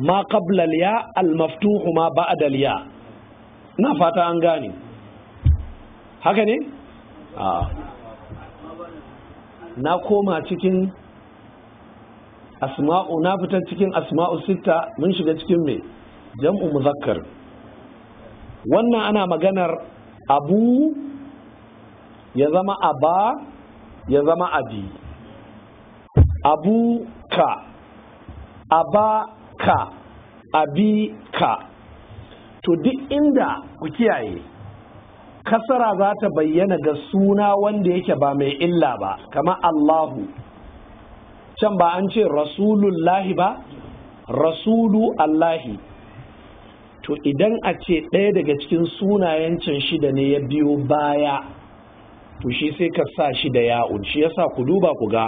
ma qabla ya al-maftuhu ma ba'da liya. na fata an gane haka ne ah. na koma cikin asma'u na fita cikin asma'u Sita, mun shiga cikin me jam'u muzakkar wannan ana maganar abu ya zama aba ya zama abi abu ka aba ka abi ka to duk inda ku kiyaye kasara za ta bayyana ga suna wanda yake ba mai illa ba kama Allahu can ba an ce rasulullahi ba rasulu Allahi to idan a ce ɗaya daga cikin sunayen can shida ne ya biyo baya to shi sai ka sa shi da ya'un shi yasa ku duba ku ga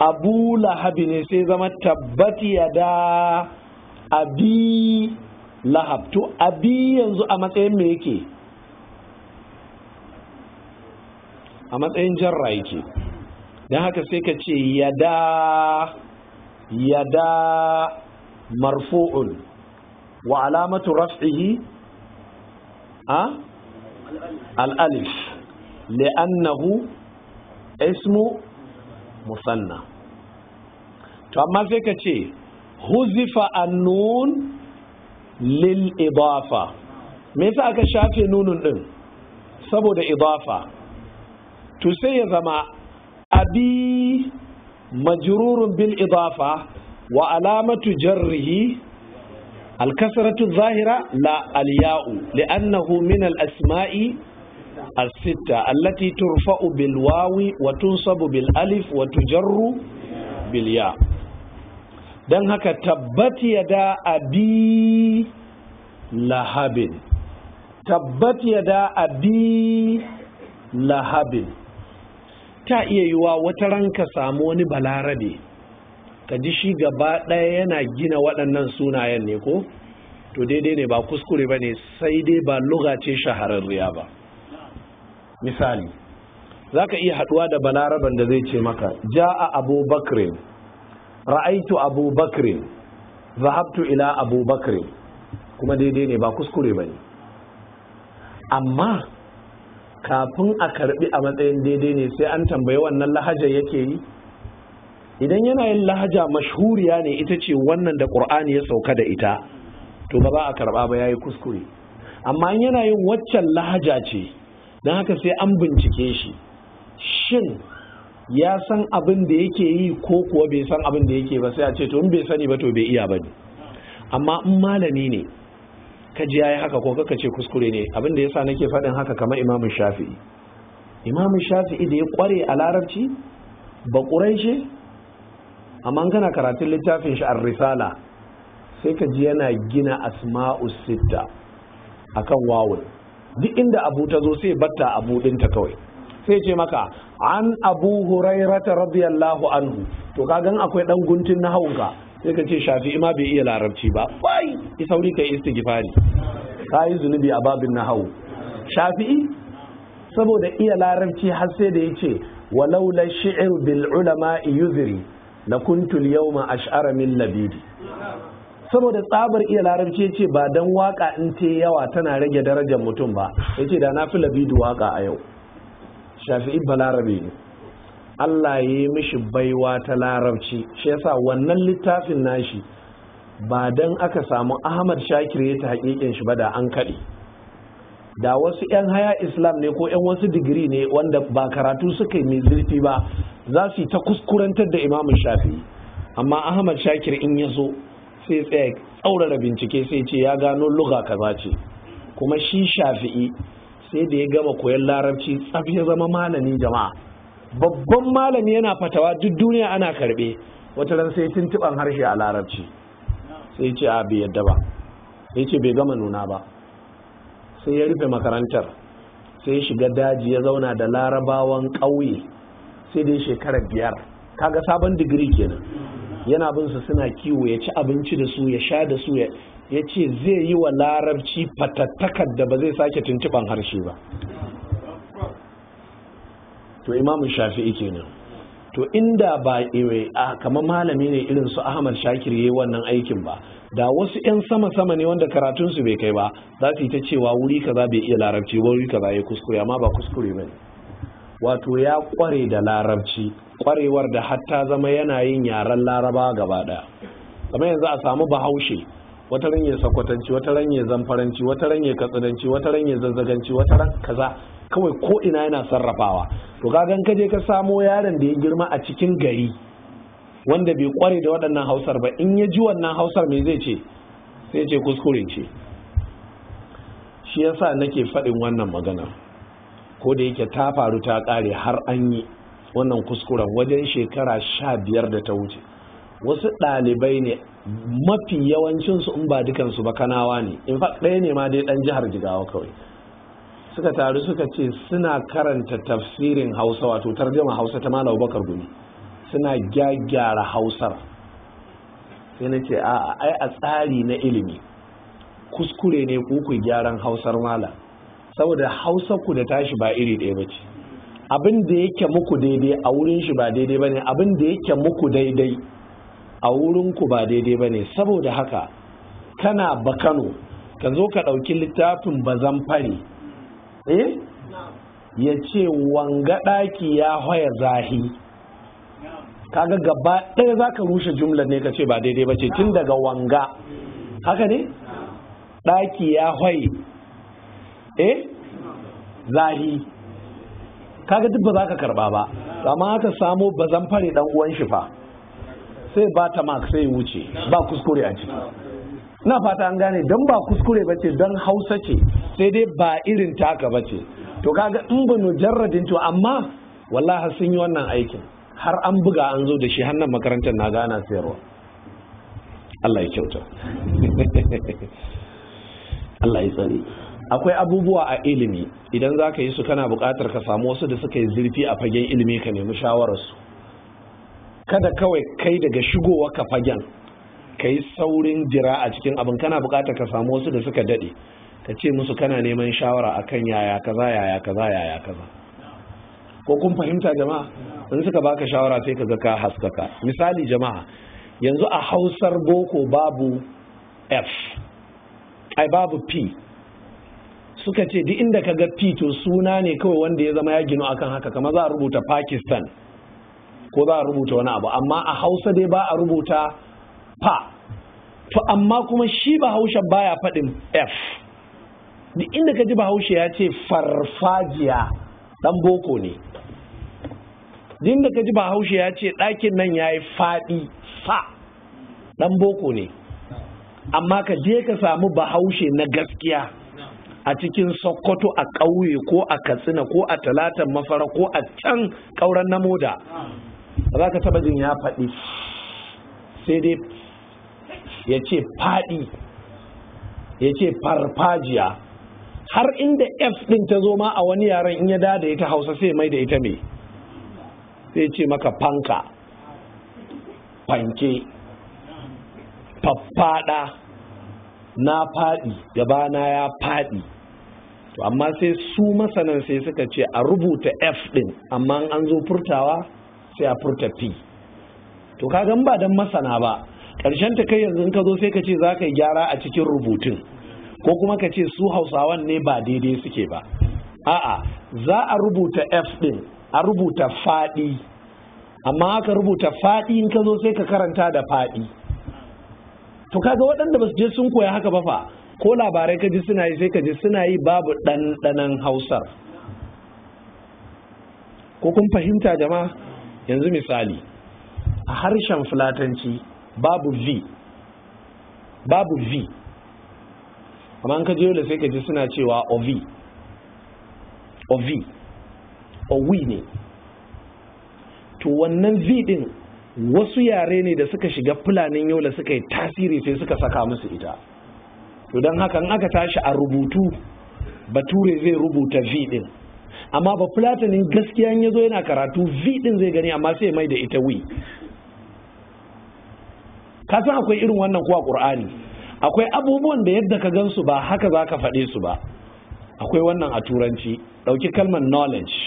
abu lahabi ne sai zama tabbati ya da abi lahab to abi yanzu a matsayin me yake a matsayin jarra yake don haka sai ka ce yada yada marfu'un wa alamatu raf'ihi a al'alif li'annahu ismu musanna to amma sai ka ce huzifa annun lil idafa me yasa aka shafe nunun din saboda idafa to sai ya zama abi majrurun bil idafa wa alamatu jarrihi الكسرة الظاهرة لا الياء لأنه من الأسماء الستة التي ترفع بالواو وتنصب wa وتجر بالياء don haka tabbat yada abi lahabin tabbat yada abi lahabin ta iya yiwa wata ranka samu wani balarabe ka ji shi gaba ɗaya yana gina waɗannan sunayen ne ko to daidai ne ba kuskure ba ne sai dai ba luga ce shahararriya ba misali za ka iya haɗuwa da balaraban da zai ce maka ja a abubakar ra'aitu abu bakrin zahabtu ila abu bakrin kuma daidai ne ba kuskure ba ne amma kafin a karbi a matsayin daidai ne sai an tambayi wannan lahaja yake yi idan yana yin lahaja mashhuriya ne ita ce wannan da Kur'ani ya sauka da ita to ba za a karba ba yayi kuskure amma in yana yin waccan lahaja ce don haka sai an bincike shi shin ya san abin da yake yi ko kuwa bai san abin da yake ba sai a ce to in bai sani ba to bai iya ba ne amma in malami ne ka ji yayi haka ko kaka ce kuskure ne abin da yasa nake faɗin haka kamar imamu Shafi'i imamu Shafi'i da ya kware a larabci ba Quraishi amma kana karatun littafin shi Ar-Risala sai ka ji yana gina Asma'u sitta akan wawul duk inda abu ta zo sai batta abu ɗinta kawai sai ce maka an abu hurairata radiyallahu anhu to kagan akwai dan guntun na ka. sai ka ce shafi'i ma bai iya larabci ba bai ki sauri kai istighfari Ta yi zunubi a babin na shafi'i saboda iya larabci har sai da yace walau la shi'r bil ulama yuzri la kuntu al yawma ash'ara min labidi saboda tsabar iya larabci ce ba dan waka in te yawa tana rage darajar mutum ba yace da na fi labidu waka a yau shafi'i balarabe ne Allah ya yi mishi baiwa ta larabci shi yasa wannan littafin nashi ba dan aka samu Ahmad Shakir ya ta hakikin shi ba da an kaɗe da wasu 'yan haya islam ne ko 'yan wasu digiri ne wanda ba karatu suka yi mai zurfi ba za su ta kuskurantar da Imam shafi'i amma ahmad shakir in ya so sai tsaya tsaurara bincike sai ce ya gano lugha kaza ce kuma shi shafi'i sai da ya gama koyon larabci tsaf ya zama malami jama'a babban malami yana fatawa duk duniya ana karbe wata ran sai tuntuban harshe a larabci sai ce a bai yadda ba sai ce bai gama nuna ba sai ya rufe makarantar sai ya shiga daji ya zauna da larabawan ƙauye sai dai shekarar biyar kaga sabon digiri kenan yana bin su suna kiwo ya ci abinci da su ya sha da su ya ce zai yi wa larabci fatattakar da ba zai sake tuntuban harshe ba to imamun shafi'i kenan to inda ba eh, a kamar malami ne irin su ahmad shakir yi wannan aikin ba da wasu 'yan sama-sama ne wanda karatun su bai kai ba za su yi ta cewa wuri kaza bai iya larabci wuri kaza ya kuskure amma ba kuskure ba wato ya kware da larabci kwarewar da hatta zama yana yin yaren laraba gaba daya kamar yanzu a samu bahaushe wata ran ya sakwatanci wata ran ya zamfaranci wata ran ya katsananci wata ran ya zazzaganci wata ran kaza kawai ko ina yana sarrafawa to kagan ka je ka samo yaron da ya girma a cikin gari wanda bai kware da waɗannan hausar ba in ya ji wannan hausar me zai ce sai ce kuskure ce shi yasa nake faɗin wannan magana ko da yake ta faru ta ƙare har an yi wannan kuskuren wajen shekara sha biyar da ta wuce wasu ɗalibai ne mafi yawancinsu in ba dukansu ba kanawa ne in fact ɗaya ne ma dai ɗan jihar jigawa kawai suka taru suka ce suna karanta tafsirin hausa wato tarjama hausa ta malam bakar gumi suna gyaggyara hausar sai na ce a ai a tsari na ilimi kuskure ne ku ku gyaran hausar malam saboda hausa ku da tashi ba iri ɗaya ba ce abin da yake muku daidai a wurin shi ba daidai ba ne abin da yake muku daidai a wurinku ba daidai ba ne saboda haka kana bakano ka zo ka ɗauki littafin bazan fari eh ya ce wanga ɗaki ya hoya zahi kaga gaba ɗaya za ka rushe jumlar ne ka ce ba daidai ba ce tun daga wanga haka ne ɗaki ya hoya eh zahi kaga duk ba za ka karba ba amma aka samo bazan fari ɗan uwan shi fa sai ba ta mark sai wuce ba kuskure a ciki na fata an gane don ba kuskure ba ce don hausa ce sai dai ba irin taka ba ce to kaga in ba jarradin to amma wallahi sun yi wannan aikin har an buga an zo da shi hannun makarantar na gana sayarwa Allah ya kyauta Allah ya tsari akwai abubuwa a ilimi idan za ka yi su kana buƙatar ka samu wasu da suka yi zurfi a fagen ilimi ka nemi shawararsu kada kawai kai daga shigowa ka fagen ka yi saurin jira a cikin abin kana bukatar ka samu wasu da suka dade ka ce musu kana neman shawara akan yaya kaza yaya kaza yaya kaza ko kun fahimta jama'a in suka baka shawara sai ka ga ka haskaka misali jama'a yanzu a hausar boko babu f ai babu p suka ce duk inda ka ga p to suna ne kawai wanda ya zama ya gino akan haka kama za a rubuta pakistan ko za a rubuta wani abu amma a hausa dai ba a rubuta fa to amma kuma shi bahaushen baya faɗin f duk inda ka ji bahaushe ya ce farfajiya dan boko ne duk inda ka ji bahaushe ya ce ɗakin nan ya yi faɗi fa dan boko ne amma ka je ka samu bahaushe na gaskiya a cikin sokoto a ƙauye ko a katsina ko a talatan mafara ko a can ƙauren namoda za ka taba jin ya faɗi sai dai ya ce faɗi ya ce farfajiya har inda f ɗin ta zo ma a wani yaren in ya da ita hausa sai mai da ita mai sai ce maka fanka fanke faffada na faɗi gabana ya faɗi to amma sai su masanan sai suka ce a rubuta f ɗin amma an zo furtawa sai a furta fi to kaga ba dan masana ba ƙarshen ta kai yanzu ka zo sai ka ce za ka yi gyara a cikin rubutun ko kuma ka ce su hausawan ne ba daidai suke ba a'a za a rubuta f din a rubuta faɗi amma aka rubuta faɗi in ka zo sai ka karanta da faɗi to kaga waɗanda ba su je sun koya haka ba fa ko labarai ka ji suna yi sai ka ji suna yi babu ɗanɗanan hausar ko kun fahimta jama'a yanzu misali a harshen fulatanci babu v babu v amma an kaji yola sai ka ji suna cewa ov ov owi ne to wannan v din wasu yare ne da suka shiga fulanin yola suka yi tasiri sai suka saka musu ita to don haka in aka tashi a rubutu bature zai rubuta v din amma ba fulatanin gaskiya ya zo yana karatu v din zai gani amma sai mai da ita wi kasan akwai irin wannan kuwa Kur'ani. akwai abubuwan da yadda ka gan su ba haka za ka faɗe su ba akwai wannan a turanci ɗauki kalmar knowledge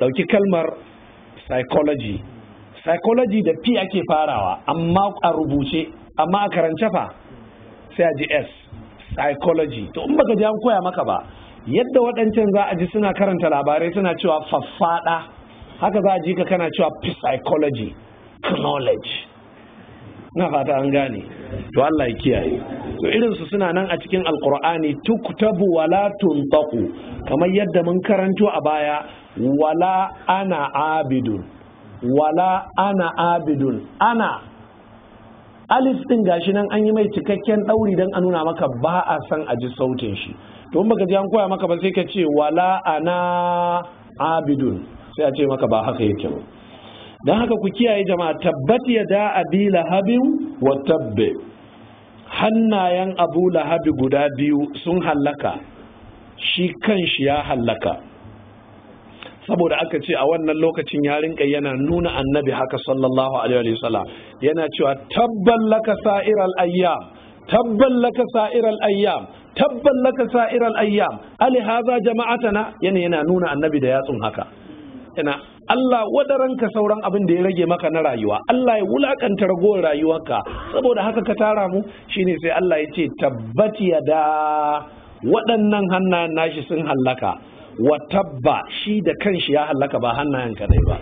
ɗauki kalmar psychology psychology da p ake farawa amma a rubuce amma a karance fa sai a ji s psychology to in baka ji an koya maka ba yadda waɗancan za a ji suna karanta labarai suna cewa faffada haka za a ji ka kana cewa psychology knowledge na fata an gane to Allah ya kiyaye to irin su suna nan a cikin alqur'ani tuktabu wala tuntaqu kamar yadda mun karanto a baya wala ana abidun wala ana abidun ana alif din gashi nan an yi mai cikakken dauri dan a nuna maka ba a san a ji sautin shi to baka ji an koya maka ba sai ka ce wala ana abidun sai a ce maka ba haka yake ba don haka ku kiyaye jama'a tabbat ya da abi lahabin wa tabbe hannayen abu lahabi guda biyu sun hallaka shi kan shi ya hallaka saboda aka ce a wannan lokacin ya rinka yana nuna annabi haka sallallahu alaihi wa sallam. yana cewa tabban laka sa'iral ayyam tabban laka sa'iral ayyam tabban laka sa'iral ayyam ali haza jama'atana yana yana nuna annabi da yatsun haka ina Allah wadaranka sauran abin da ya rage maka na rayuwa Allah ya wulakanta ragowar rayuwarka saboda haka ka tara mu shine sai Allah ya ce ya da waɗannan hannayen nashi sun hallaka wa tabba shi da kanshi ya hallaka ba hannayen ka kadai ba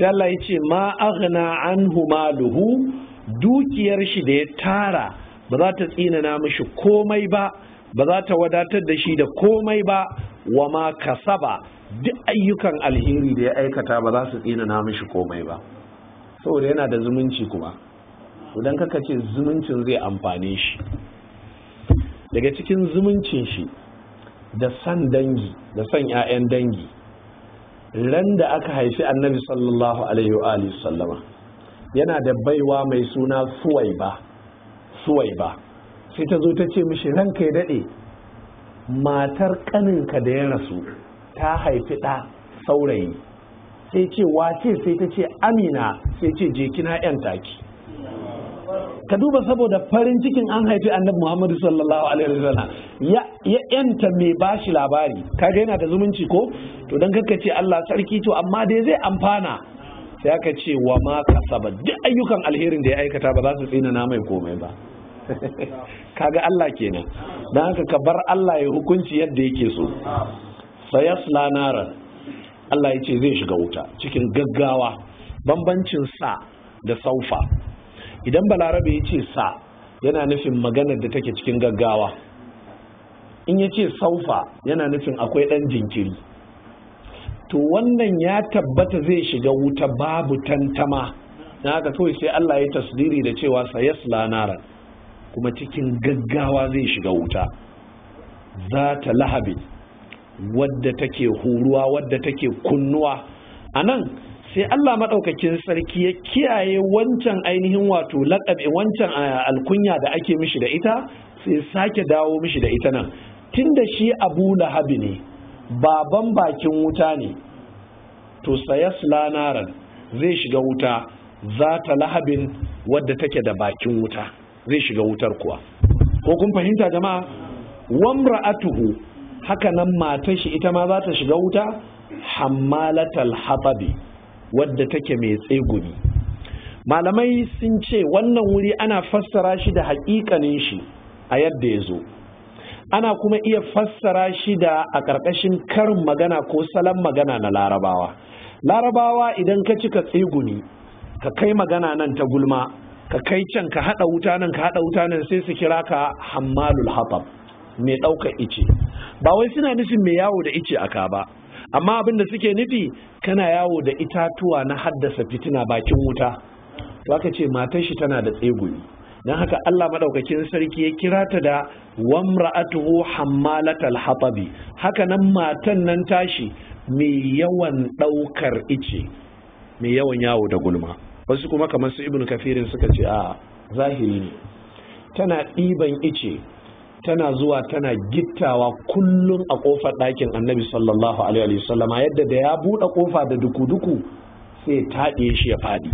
sai Allah ya ce ma aghna anhu maluhu dukiyar shi da ya tara ba za ta tsinana mishi komai ba ba za ta wadatar da shi da komai ba wa ma kasaba duk ayyukan alheri da ya aikata ba za su tsinana mishi komai ba saboda yana da zumunci kuma idan kaka ce zumuncin zai amfane shi daga cikin zumuncin shi da san dangi da san 'ya'yan dangi ran da aka haifi annabi sallallahu alaihi wa sallama yana da baiwa mai suna suwaiba suwai ba sai ta zo ta ce mishi ranka ya daɗe matar ƙaninka da ya rasu ta haifi ɗa saurayi sai ce wace sai ta ce amina sai ce je kina yan taki ka duba saboda farin cikin an haifi annabi muhammadu sallallahu alaihi wasallam ya yanta mai bashi labari kaga yana da zumunci ko to dan kanka ce Allah sarki to amma dai zai amfana sai aka ce wa ma kasaba duk ayyukan alherin da ya aikata ba za su tsina na mai komai ba kaga Allah kenan don haka ka bar Allah ya hukunci yadda yake so sayasla naran Allah ya ce zai shiga wuta cikin gaggawa bambancin sa da saufa idan balarabe ya ce sa yana nufin maganar da take cikin gaggawa in ya ce saufa yana nufin akwai ɗan jinkiri to wannan ya tabbata zai shiga wuta babu tantama na haka kawai sai Allah ya tasdiri da cewa sayasla naran kuma cikin gaggawa zai shiga wuta za ta lahabi wadda take huruwa wadda take kunnuwa a nan sai Allah maɗaukakin sarki ya kiyaye wancan ainihin wato laƙabe wancan alkunya da ake mishi da ita sai sake dawo mishi da ita nan tunda shi abu lahabi ne baban bakin wuta ne to sayas Lanaran zai shiga wuta za ta lahabin wadda take da bakin wuta zai shiga wutar kuwa ko kun fahimta jama'a wamra'atuhu haka nan matar shi ita ma za ta shiga wuta hammalatal hatabi wadda take mai tsegumi malamai sun ce wannan wuri ana fassara shi da haƙiƙanin shi a yadda ya zo ana kuma iya fassara shi da a ƙarƙashin karin magana ko salon magana na larabawa larabawa idan ka cika tsegumi ka kai magana nan ta gulma ka kai can ka haɗa wuta nan ka haɗa wuta nan sai su kira ka hammalul hatab mai daukar ice ba wai suna nufin mai yawo da ice aka ba amma abin da suke nufi kana yawo da itatuwa na haddasa fitina bakin wuta to aka ce matar shi tana da tsegumi dan haka Allah maɗaukakin sarki ya kira ta da wamra'atuhu hammalatal hatabi haka nan matan nan tashi mai yawan ɗaukar ice mai yawan yawo da gulma wasu kuma kamar su ibn kafirin suka ce a zahiri ne tana ɗiban ice tana zuwa tana gittawa kullum a ƙofar ɗakin annabi sallallahu alaihi wasallama yadda da ya buɗe ƙofa da duku-duku sai taɗe shi ya faɗi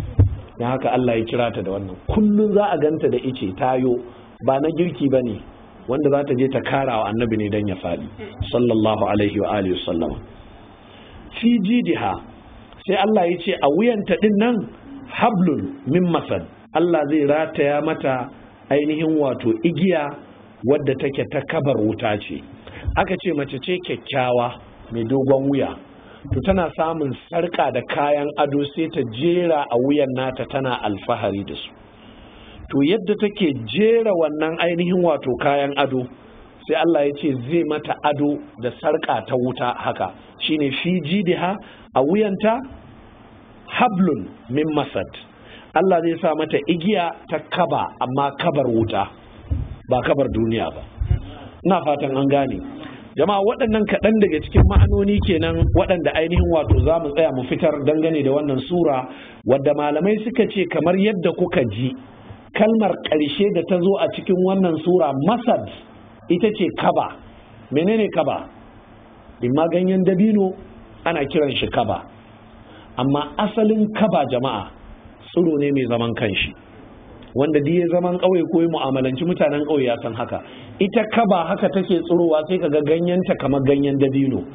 don haka Allah ya kira ta da wannan kullum za a ganta da ice tayo ba na girki ba ne wanda za ta je ta kara wa annabi ne don ya faɗi sallallahu alaihi wa alihi fi jidiha sai Allah ya ce a wuyanta ɗin nan hablun min masad Allah zai rataya mata ainihin wato igiya wadda take ta kabar wuta ce aka ce mace ce kyakkyawa mai dogon wuya to tana samun sarka da kayan ado sai ta jera a wuyan nata tana alfahari da su to yadda take jera wannan ainihin wato kayan ado sai Allah ya ce zai mata ado da sarka ta wuta haka shine fi jidiha a wuyanta hablun min masad Allah zai sa mata igiya ta kaba amma kabar wuta ba kabar duniya ba ina fatan an gane jama'a waɗannan kaɗan daga cikin ma'anoni kenan waɗanda ainihin wato za mu tsaya mu fitar dangane da wannan sura wadda malamai suka ce kamar yadda kuka ji kalmar ƙarshe da ta zo a cikin wannan sura masad ita ce kaba menene kaba imma ganyen dabino ana kiran shi kaba amma asalin kaba jama'a tsiro ne mai zaman kanshi wanda duk zaman ƙauye ko ya mu'amalanci mutanen ƙauye ya san haka ita kaba haka take tsirowa sai kaga ganyenta kamar ganyen dabino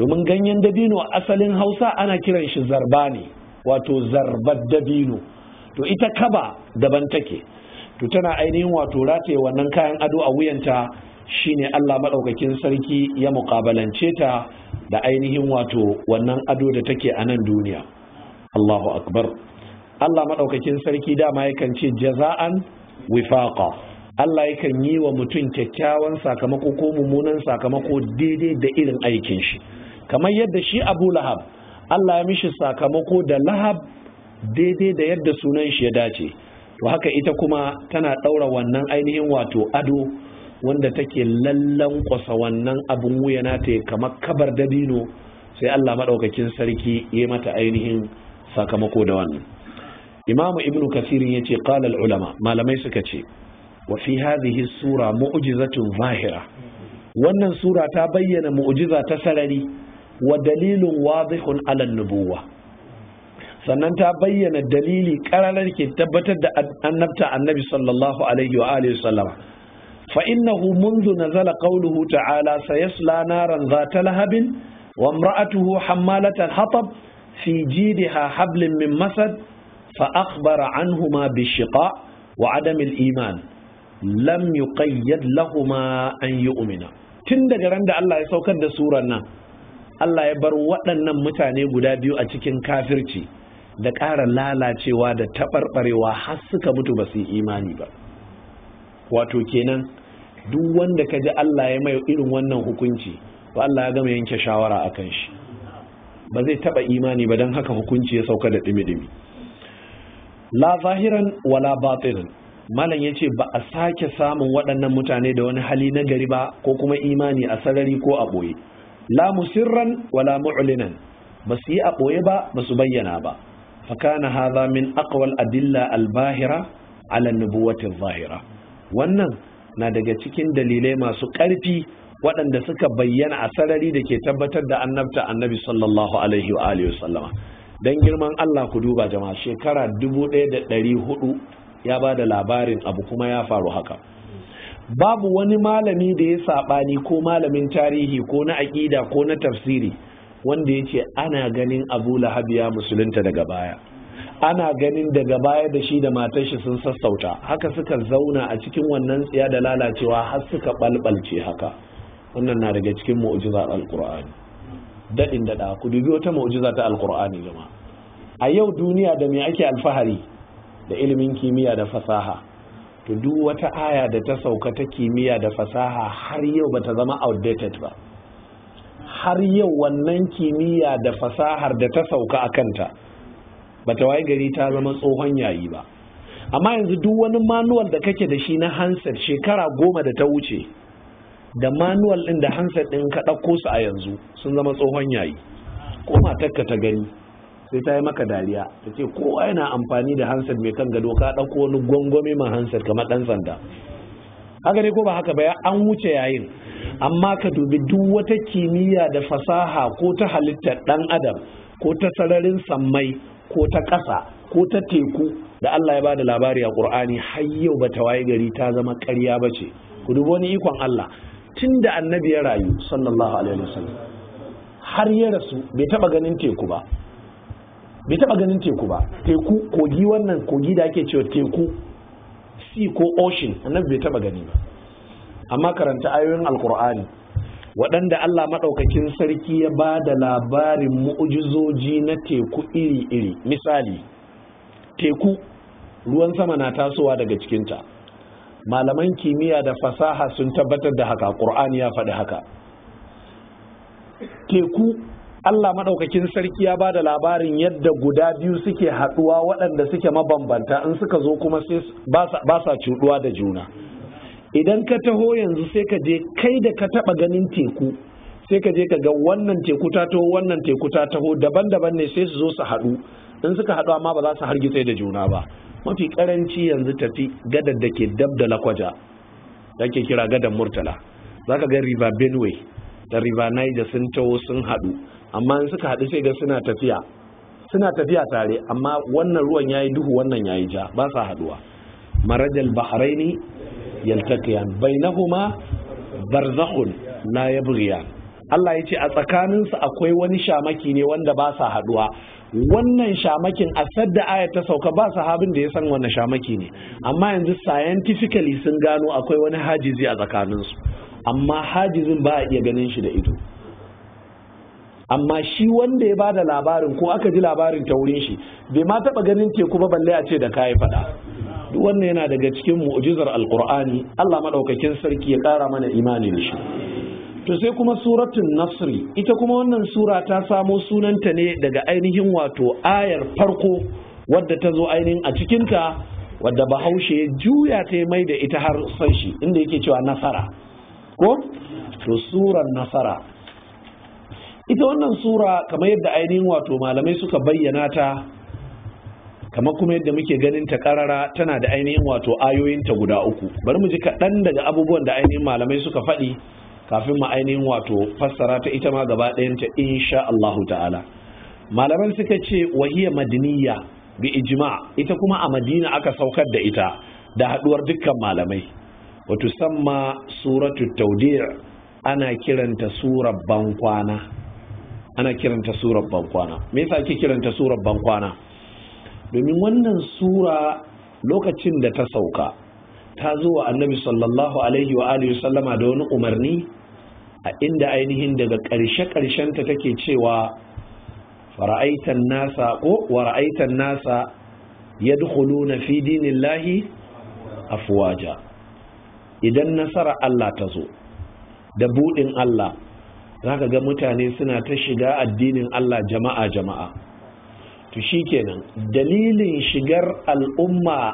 domin ganyen dabino asalin hausa ana kiran shi zarba ne wato zarbar dabino to ita kaba daban take to tana ainihin wato rataye wannan kayan ado a wuyanta shine Allah maɗaukakin sarki ya mukabalance ta da ainihin wato wannan ado da take a nan duniya Allahu akbar Allah maɗaukakin sarki dama yakan ce jaza'an wifaqa Allah yakan yi wa mutum kyakkyawan sakamako ko mummunan sakamako daidai da irin aikin shi kamar yadda shi Abu Lahab Allah ya mishi sakamako da Lahab daidai da yadda sunan shi ya dace to haka ita kuma tana ɗaura wannan ainihin wato ado wanda take lallan kwasa wannan abin wuya nata ya kamar kabar dabino sai Allah maɗaukakin sarki ya mata ainihin sakamako da wannan imamu ibnu kasirin ya ce ƙalal ulama malamai suka ce wa fi hadhihi sura mu'jizatun zahira wannan sura ta bayyana mu'jiza ta sarari wa dalilun wadihun ala nubuwa sannan ta bayyana dalili ƙararar ke tabbatar da annabta annabi sallallahu alaihi wa alihi sallama fa innahu منذ نزل قوله تعالى سيصلى نارا ذات لهب وامرأته حمالة الحطب في جيدها حبل من مسد فأخبر عنهما بالشقاء وعدم الإيمان لم يقيد لهما أن يؤمنا tun daga ran da Allah ya saukar da surar nan Allah ya bar waɗannan mutane guda biyu a cikin kafirci da ƙara lalacewa da taɓarɓarewa har suka mutu ba su yi imani ba wato kenan duk wanda ka ji Allah ya mai irin wannan hukunci ba Allah ya gama yanke shawara a kan shi ba zai taba imani ba don haka hukunci ya sauka da dimi-dimi la zahiran wala batinan malam ya ce ba a sake samun waɗannan mutane da wani hali na gari ba ko kuma imani a sarari ko a ɓoye la musirran wala mu'linan ba su yi a ɓoye ba ba su bayyana ba kana haza min aqwal adilla al-bahira ala nubuwati zahira wannan na daga cikin dalilai masu ƙarfi waɗanda suka bayyana a sarari da ke tabbatar da annabta annabi sallallahu alaihi wa alihi wasallama dan girman Allah ku duba jama'a shekara 1400 ya ba da labarin abu kuma ya faru haka babu wani malami da ya sabani ko malamin tarihi ko na aƙida ko na tafsiri wanda ya ana ganin abu lahab ya musulunta daga baya ana ganin daga baya da shi da matar shi sun sassauta haka suka zauna a cikin wannan tsiya da lalacewa har suka balbalce haka wannan na daga cikin mu'jiza alqur'ani dadin da da ku dubi wata mu'jiza ta alqur'ani jama a yau duniya da me ake alfahari da ilimin kimiyya da fasaha to duk wata aya da ta sauka ta kimiyya da fasaha har yau bata zama outdated ba har yau wannan kimiyya da fasahar da ta sauka a kanta bata waye gari ta zama tsohon yayi ba amma yanzu duk wani manuwal da kake da shi na handset shekara goma da ta wuce da manuwal ɗin da hansar ɗin ka ɗauko su a yanzu sun zama tsohon yayi ko matarka ta gani sai ta yi maka dariya ta ce kowa yana amfani da hansar mai kan gado ka ɗauko wani gwangwame ma handset kamar ɗan sanda haka ne ko ba haka ba ya an wuce yayin amma ka dubi duk wata kimiyya da fasaha ko ta halittar ɗan adam ko ta sararin sammai ko ta ƙasa ko ta teku da Allah ya ba da labari a ƙur'ani har yau ba ta waye gari ta zama ƙarya ba ce ku dubi wani ikon Allah tun da annabi ya rayu sallallahu alaihi wasallam har ya rasu bai taɓa ganin teku ba bai taɓa ganin teku ba teku kogi wannan kogi da ake cewa teku sea ko ocean annabi bai taɓa gani ba amma karanta ayoyin alƙur'ani waɗanda Allah maɗaukakin sarki ya ba da labarin mu'ujizoji na teku iri-iri misali teku ruwan sama na tasowa daga cikinta malaman kimiyya da fasaha sun tabbatar da haka Kur'ani ya faɗi haka teku Allah maɗaukakin sarki ya ba da labarin yadda guda biyu suke haɗuwa waɗanda suke mabambanta in suka zo kuma ba sa cuɗuwa da juna. idan ka taho yanzu sai ka je kai da ka taba ganin teku sai ka je ka ga wannan teku ta taho wannan teku ta taho daban-daban ne sai su zo su haɗu in suka haɗu amma ba za su hargitse da juna ba mafi karanci yanzu tafi gadar da ke dab da lakwaja da ke kira gadar murtala za ka ga river benue da river niger sun taho sun haɗu amma in suka haɗu sai ga suna tafiya suna tafiya tare amma wannan ruwan ya yi duhu wannan ya yi ja ba sa haɗuwa marajal bahraini yaltaqiyan bainahuma barzakhun la yabghiya Allah yace ce a tsakaninsu akwai wani shamaki ne wanda ba sa haduwa wannan shamakin a sadda aya ta sauka ba sahabin da ya san wannan shamaki ne amma yanzu scientifically sun gano akwai wani hajizi a tsakaninsu amma hajizin ba a iya ganin shi da ido amma shi wanda ya bada labarin ko aka ji labarin ta wurin shi bai ma taba ganin teku ba balle a ce da kayi fada duk wannan yana daga cikin mu'jizar alqur'ani Allah madaukakin sarki ya kara mana imani da shi to sai kuma suratul nasri ita kuma wannan sura ta samo sunanta ne daga ainihin wato ayar farko wadda ta zo ainihin a cikin ta wadda bahaushe ya juya ta mai da ita har sashi inda yake cewa nasara ko to suran nasara ita wannan sura kamar yadda ainihin wato malamai suka bayyana ta kamar kuma yadda muke ganin ta karara tana da ainihin wato ayoyinta guda uku bari mu ji kaɗan daga abubuwan da ainihin malamai suka faɗi kafin mu ainihin wato fassara ta ita ma gaba ɗayanta insha Allahu ta'ala malaman suka ce wahiya madiniya bi ijma ita kuma a madina aka saukar da ita da haɗuwar dukkan malamai wato sama suratu tawdi' ana kiranta surar bankwana ana kiranta surar bankwana me yasa ake kiranta surar bankwana domin wannan sura lokacin da ta sauka ta zo wa annabi sallallahu alaihi wa alihi sallama da wani umarni a inda ainihin daga ƙarshe ƙarshen ta take cewa fara'aitan nasa ko wara'aitan nasa nasa na fi dinillahi afwaja idan nasara Allah ta zo da budin Allah zaka ga mutane suna ta shiga addinin Allah jama'a jama'a to shikenan dalilin shigar al'umma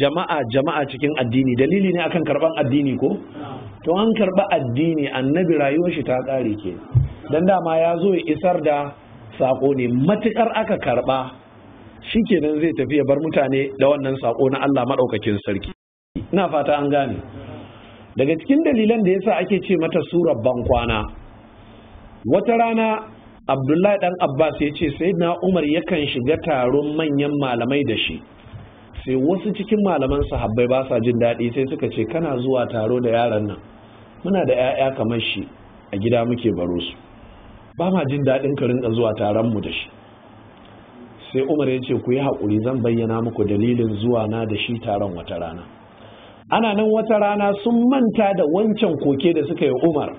jama'a jama'a cikin addini dalili ne akan karban addini ko to an karba addini annabi rayuwar shi ta kare ke dan dama ya zo ya isar da sako ne matukar aka karba shikenan zai tafi ya bar mutane da wannan sako na Allah madaukakin sarki ina fata an gane daga cikin dalilan da yasa ake ce mata surar bankwana wata rana abdullahi dan abbas ya ce sai na umar yakan shiga taron manyan malamai da shi sai wasu cikin malaman sahabbai ba sa jin daɗi sai suka ce kana zuwa taro da yaran nan muna da 'ya'ya kamar shi a gida muke baro su ba ma jin daɗin ka rinka zuwa taron mu da shi sai umar ya ce ku yi haƙuri zan bayyana muku dalilin zuwa na da shi taron wata rana ana nan wata rana sun manta da wancan koke da suka yi umar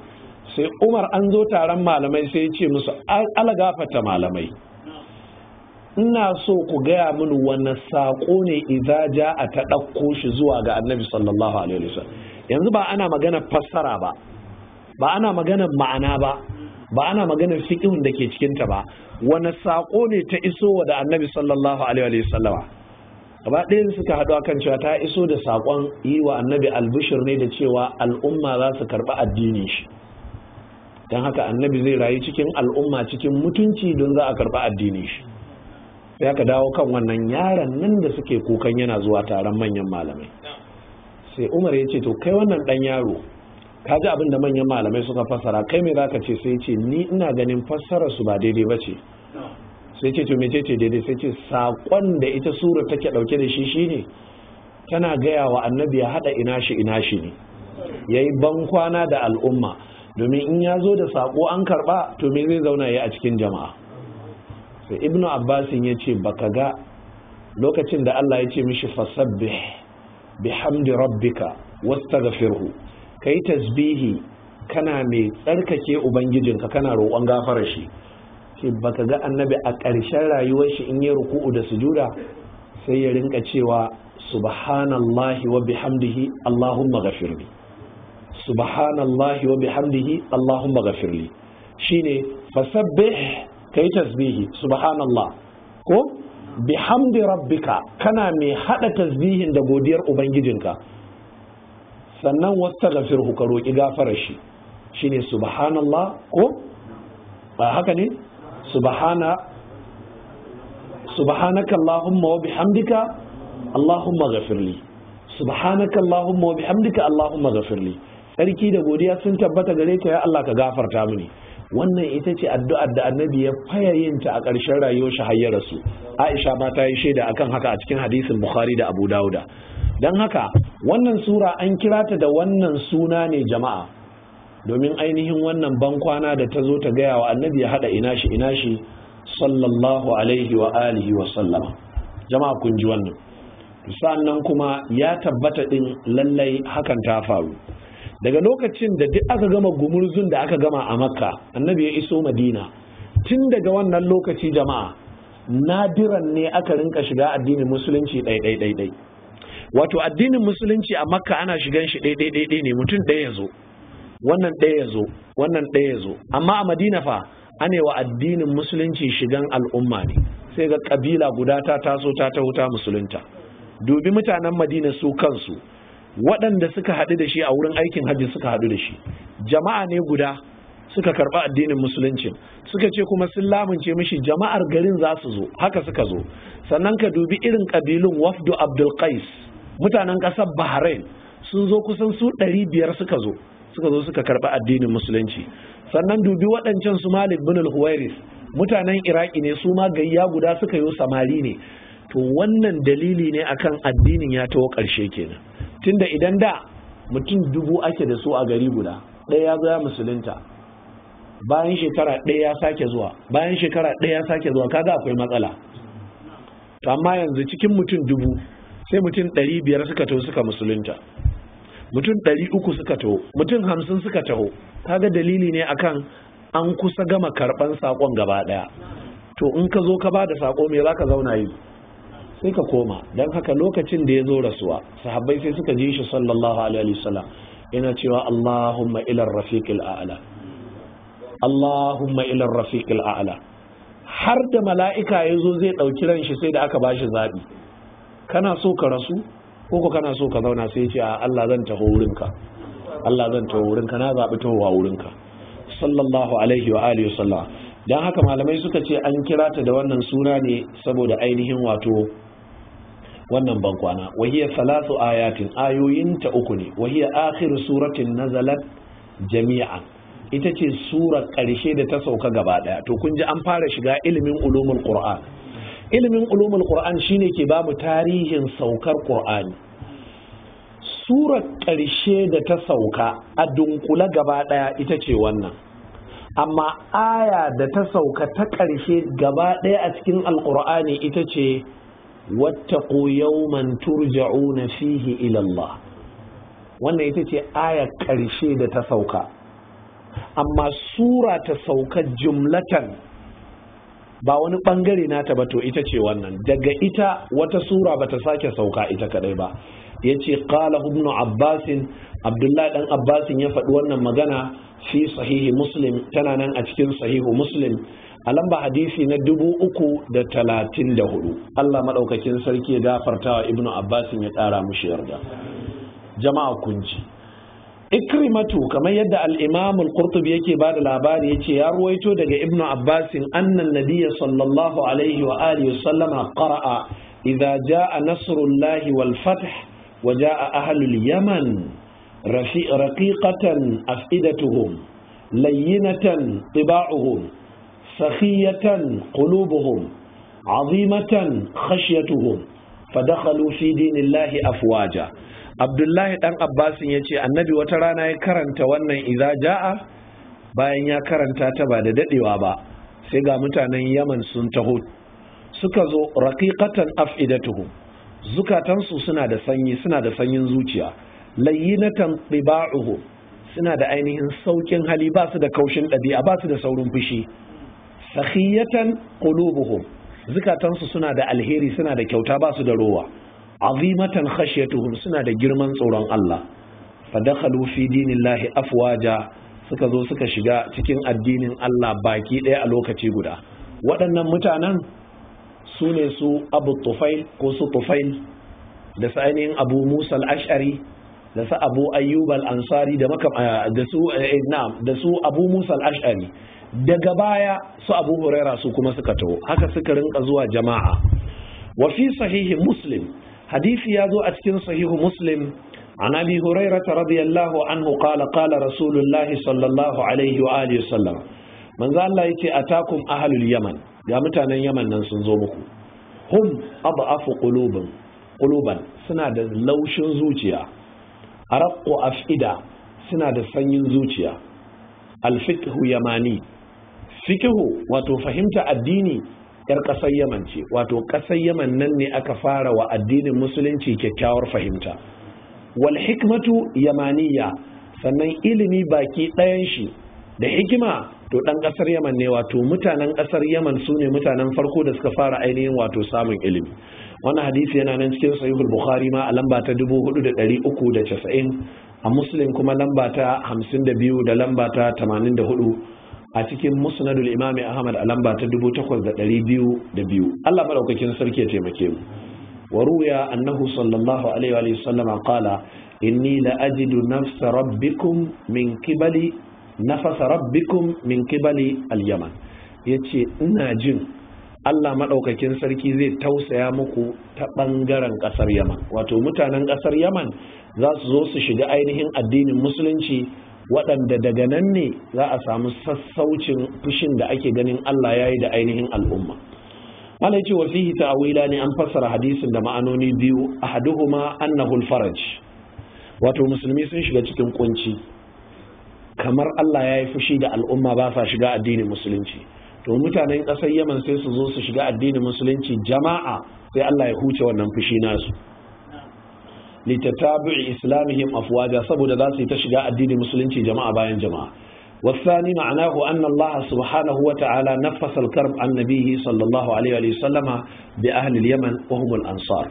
sai umar an zo taron malamai sai ce musu alagafata malamai ina so ku gaya mini wani saƙo ne idza ja a ta ɗauko shi zuwa ga annabi sallallahu alaihi wasallam yanzu ba ana magana fassara ba ba ana magana ma'ana ba ba ana magana fiqhun da ke cikin ta ba wani saƙo ne ta iso wa da annabi sallallahu alaihi wasallama gaba ɗayan suka haɗu a kan cewa ta iso da saƙon yi wa annabi albishir ne da cewa al'umma za su karɓi addinin shi don haka annabi zai rayu cikin al'umma cikin mutunci don za a karɓi addini shi sai aka dawo kan wannan yaran nan da suke kukan yana zuwa taron manyan malamai sai umar ya ce to kai wannan dan yaro ka ji abin da manyan malamai suka fassara kai mai zaka ce sai ce ni ina ganin fassara su ba daidai ba ce sai ce to mece ce daidai sai ce saƙon da ita sura take ɗauke da shi shine tana gaya wa annabi ya haɗa ina shi ina shi ne ya yi kwana da al'umma domin in ya zo da saƙo an karɓa, to me zai zauna ya a cikin jama'a sai ibnu abbasin ya ce baka ga lokacin da Allah ya ce mishi fasabbih bihamdi rabbika wastaghfirhu kai tasbihi kana mai tsarkake ubangijinka kana roƙon gafarar shi ce baka ga annabi a ƙarshen rayuwar shi in ya ruku'u da sujuda sai ya rinka cewa subhanallahi wa bihamdihi allahumma ghafirli subhanallahi wa bihamdihi allahumma ghafirli shine fasabbih kai tasbihi subhanallah ko bihamdi rabbika kana mai haɗa tasbihin da godiyar ubangijinka sannan wastaghfirhu ka roki gafarar shi shine subhanallah ko ba haka ne subhana subhanaka allahumma wa bihamdika allahumma ghafirli subhanaka allahumma wa bihamdika allahumma ghafirli Sarki da godiya sun tabbata gare ka ya Allah ka gafarta mini wannan ita ce addu'ar da annabi ya faya yinta a ƙarshen rayuwar shi har ya rasu Aisha ma ta yi shaida akan haka a cikin hadisin Bukhari da Abu Dawuda dan haka wannan sura an kira ta da wannan suna ne jama'a domin ainihin wannan bankwana da ta zo ta gaya wa annabi ya haɗa ina shi ina shi sallallahu alaihi wa alihi wa sallama jama'a kun ji wannan sa'an kuma ya tabbata ɗin lallai hakan ta faru daga lokacin da duk aka gama gumurzun da aka gama a makka annabi ya iso madina tun daga wannan lokaci jama'a nadiran ne aka rinka shiga addinin musulunci ɗaiɗaiɗaiɗai wato addinin musulunci a makka ana shigan shi ɗaiɗaiɗaiɗai ne mutum ɗaya ya zo wannan ɗaya ya zo wannan ɗaya ya zo amma a madina fa ane wa addinin musulunci shigan al'umma ne sai ga ƙabila guda ta taso ta ta wuta musulunta dubi mutanen madina su kansu waɗanda suka haɗu da shi a wurin aikin hajji suka haɗu da shi jama'a ne guda suka karɓi addinin musulunci suka ce kuma sun lamunce mishi jama'ar garin za su zo haka suka zo sannan ka dubi irin ƙabilun wafdu abdul qais mutanen ƙasar bahrain sun zo kusan su ɗari biyar suka zo suka zo suka karɓi addinin musulunci sannan dubi waɗancan su malik bin al mutanen iraki ne su ma gayya guda suka yi samari ne to wannan dalili ne akan addinin ya wa ƙarshe kenan tunda idan da mutum dubu ake da su a gari guda ɗaya ya zo ya musulunta bayan shekara ɗaya ya sake zuwa bayan shekara ɗaya ya sake zuwa kaga akwai matsala to amma yanzu cikin mutum dubu sai mutum ɗari biyar suka taho suka musulunta mutum ɗari uku suka taho mutum hamsin suka taho kaga dalili ne akan an kusa gama karɓan saƙon gaba ɗaya to in ka zo ka ba da saƙo me za ka zauna yi sai ka koma don haka lokacin da ya zo rasuwa sahabbai sai suka ji shi sallallahu alaihi wasallam yana cewa Allahumma ilar rafiqil a'la Allahumma ilar rafiqil a'la har da mala'ika ya zo zai dauki ran shi sai da aka bashi zaɓi kana so ka rasu ko ko kana so ka zauna sai ce a Allah zan taho wurinka Allah zan taho wurinka na zaɓi tahowa wurinka sallallahu alaihi wa alihi wasallam dan haka malamai suka ce an kira ta da wannan suna ne saboda ainihin wato wannan ban kwana wahiya salasu ayatin ayoyin ta uku ne wahiya akhir suratin nazalat jami'a ita ce sura ƙarshe da ta sauka gaba ɗaya to kun ji an fara shiga ilimin ulumul qur'an ilimin ulumul qur'an shine ke babu tarihin saukar qur'ani surar ƙarshe da ta sauka a dunkula gaba ɗaya ita ce wannan amma aya da ta sauka ta ƙarshe gaba ɗaya a cikin alƙur'ani ita ce wattaqu yawman turja'una fihi ila Allah wannan ita ce aya ƙarshe da ta sauka amma sura ta sauka jumlatan ba wani ɓangare nata ba to ita ce wannan daga ita wata sura ba ta sake sauka ita kadai ba ya ce ƙala ibnu abbasin abdullahi ɗan abbasin ya faɗi wannan magana fi sahihi muslim tana nan a cikin sahihu muslim a lamba hadisi na dubu uku da talatin da hudu Allah maɗaukakin sarki ya gafarta wa ibnu abbasin ya ƙara mushi yarda jama'a kunji ikrimatu kamar yadda al-imam al-qurtubi yake ba da labari yace ya ruwaito daga ibnu abbasin annan nabiyya sallallahu alaihi wa alihi sallama qara'a idza jaa nasrullahi wal fath wa jaa ahlul yaman rafiqatan afidatuhum layyinatan tibaa'uhum سخية قلوبهم عظيمة خشيتهم فدخلوا في دين الله أفواجا عبد الله بن عباس يجي النبي وترانا يكرنت وانا إذا جاء bayan ya karanta ta ba da dadewa ba sai ga mutanen yaman sun taho suka zo raqiqatan afidatuhum zukatansu suna da sanyi suna da sanyin zuciya layyinatan tiba'uhum suna da ainihin saukin hali ba su da kaushin ɗabi'a ba su da saurin fushi sakhiyatan qulubuhum zukatansu suna da alheri suna da kyauta ba su da rowa azimatan khashyatuhum suna da girman tsoron Allah fadakhalu fi dinillahi afwaja suka zo suka shiga cikin addinin Allah baki ɗaya a lokaci guda waɗannan mutanen su ne su abu tufail ko su tufail da su ainihin abu musa al da su abu ayyub ansari eh, eh, da su abu musa al-ash'ari daga baya su abu huraira su kuma suka taho haka suka rinka zuwa jama'a wa fi sahihi muslim hadisi ya zo a cikin sahihu muslim an abi هريره ta radiyallahu Anhu قال قال رسول الله صلى wa عليه واله وسلم من ذا الله ahlul yaman, ga mutanen yaman nan sun zo muku hum ad'afu qulubun quluban suna da laushin zuciya araqqu afida suna da sanyin zuciya alfiqhu yamani fikihu wato fahimta addini yar ƙasar yaman ce wato ƙasar yaman nan ne aka fara wa addinin musulunci kyakkyawar fahimta wal hikmatu yamaniya sannan ilimi baki ɗayan shi da hikima to ɗan ƙasar yaman ne wato mutanen ƙasar yaman su ne mutanen farko da suka fara ainihin wato samun ilimi wannan hadisi yana nan cikin sahihul bukhari ma a lamba ta 4390 a muslim kuma lamba ta 52 da lamba ta 84 a cikin musnadul imami ahmad a lamba ta 8202 Allah madaukakin sarki ya taimake mu wa ruya annahu sallallahu alaihi wa sallama qala inni la ajidu nafsa rabbikum min kibali nafasa rabbikum min qibali al-yaman yace ina jin Allah maɗaukakin sarki zai tausaya muku ta ɓangaren ƙasar Yaman. Wato mutanen ƙasar Yaman za su zo su shiga ainihin addinin Musulunci waɗanda daga nan ne za a samu sassaucin fushin da ake ganin Allah ya yi da ainihin al'umma malai ce a fihi ta'awila ne an fassara hadisin da ma'anoni biyu ahaduhuma annahu Annahul faraj wato musulmi sun shiga cikin kunci kamar Allah ya yi fushi da al'umma ba sa shiga addinin musulunci to mutanen ƙasar Yaman sai su zo su shiga addinin musulunci jama'a sai Allah ya huce wannan fushi nasu litatabi'i islamihim afwaja saboda za su yi ta shiga addinin musulunci jama'a bayan jama'a والثاني معناه أن الله سبحانه وتعالى نفس الكرب عن نبيه صلى الله عليه وسلم بأهل اليمن وهم الأنصار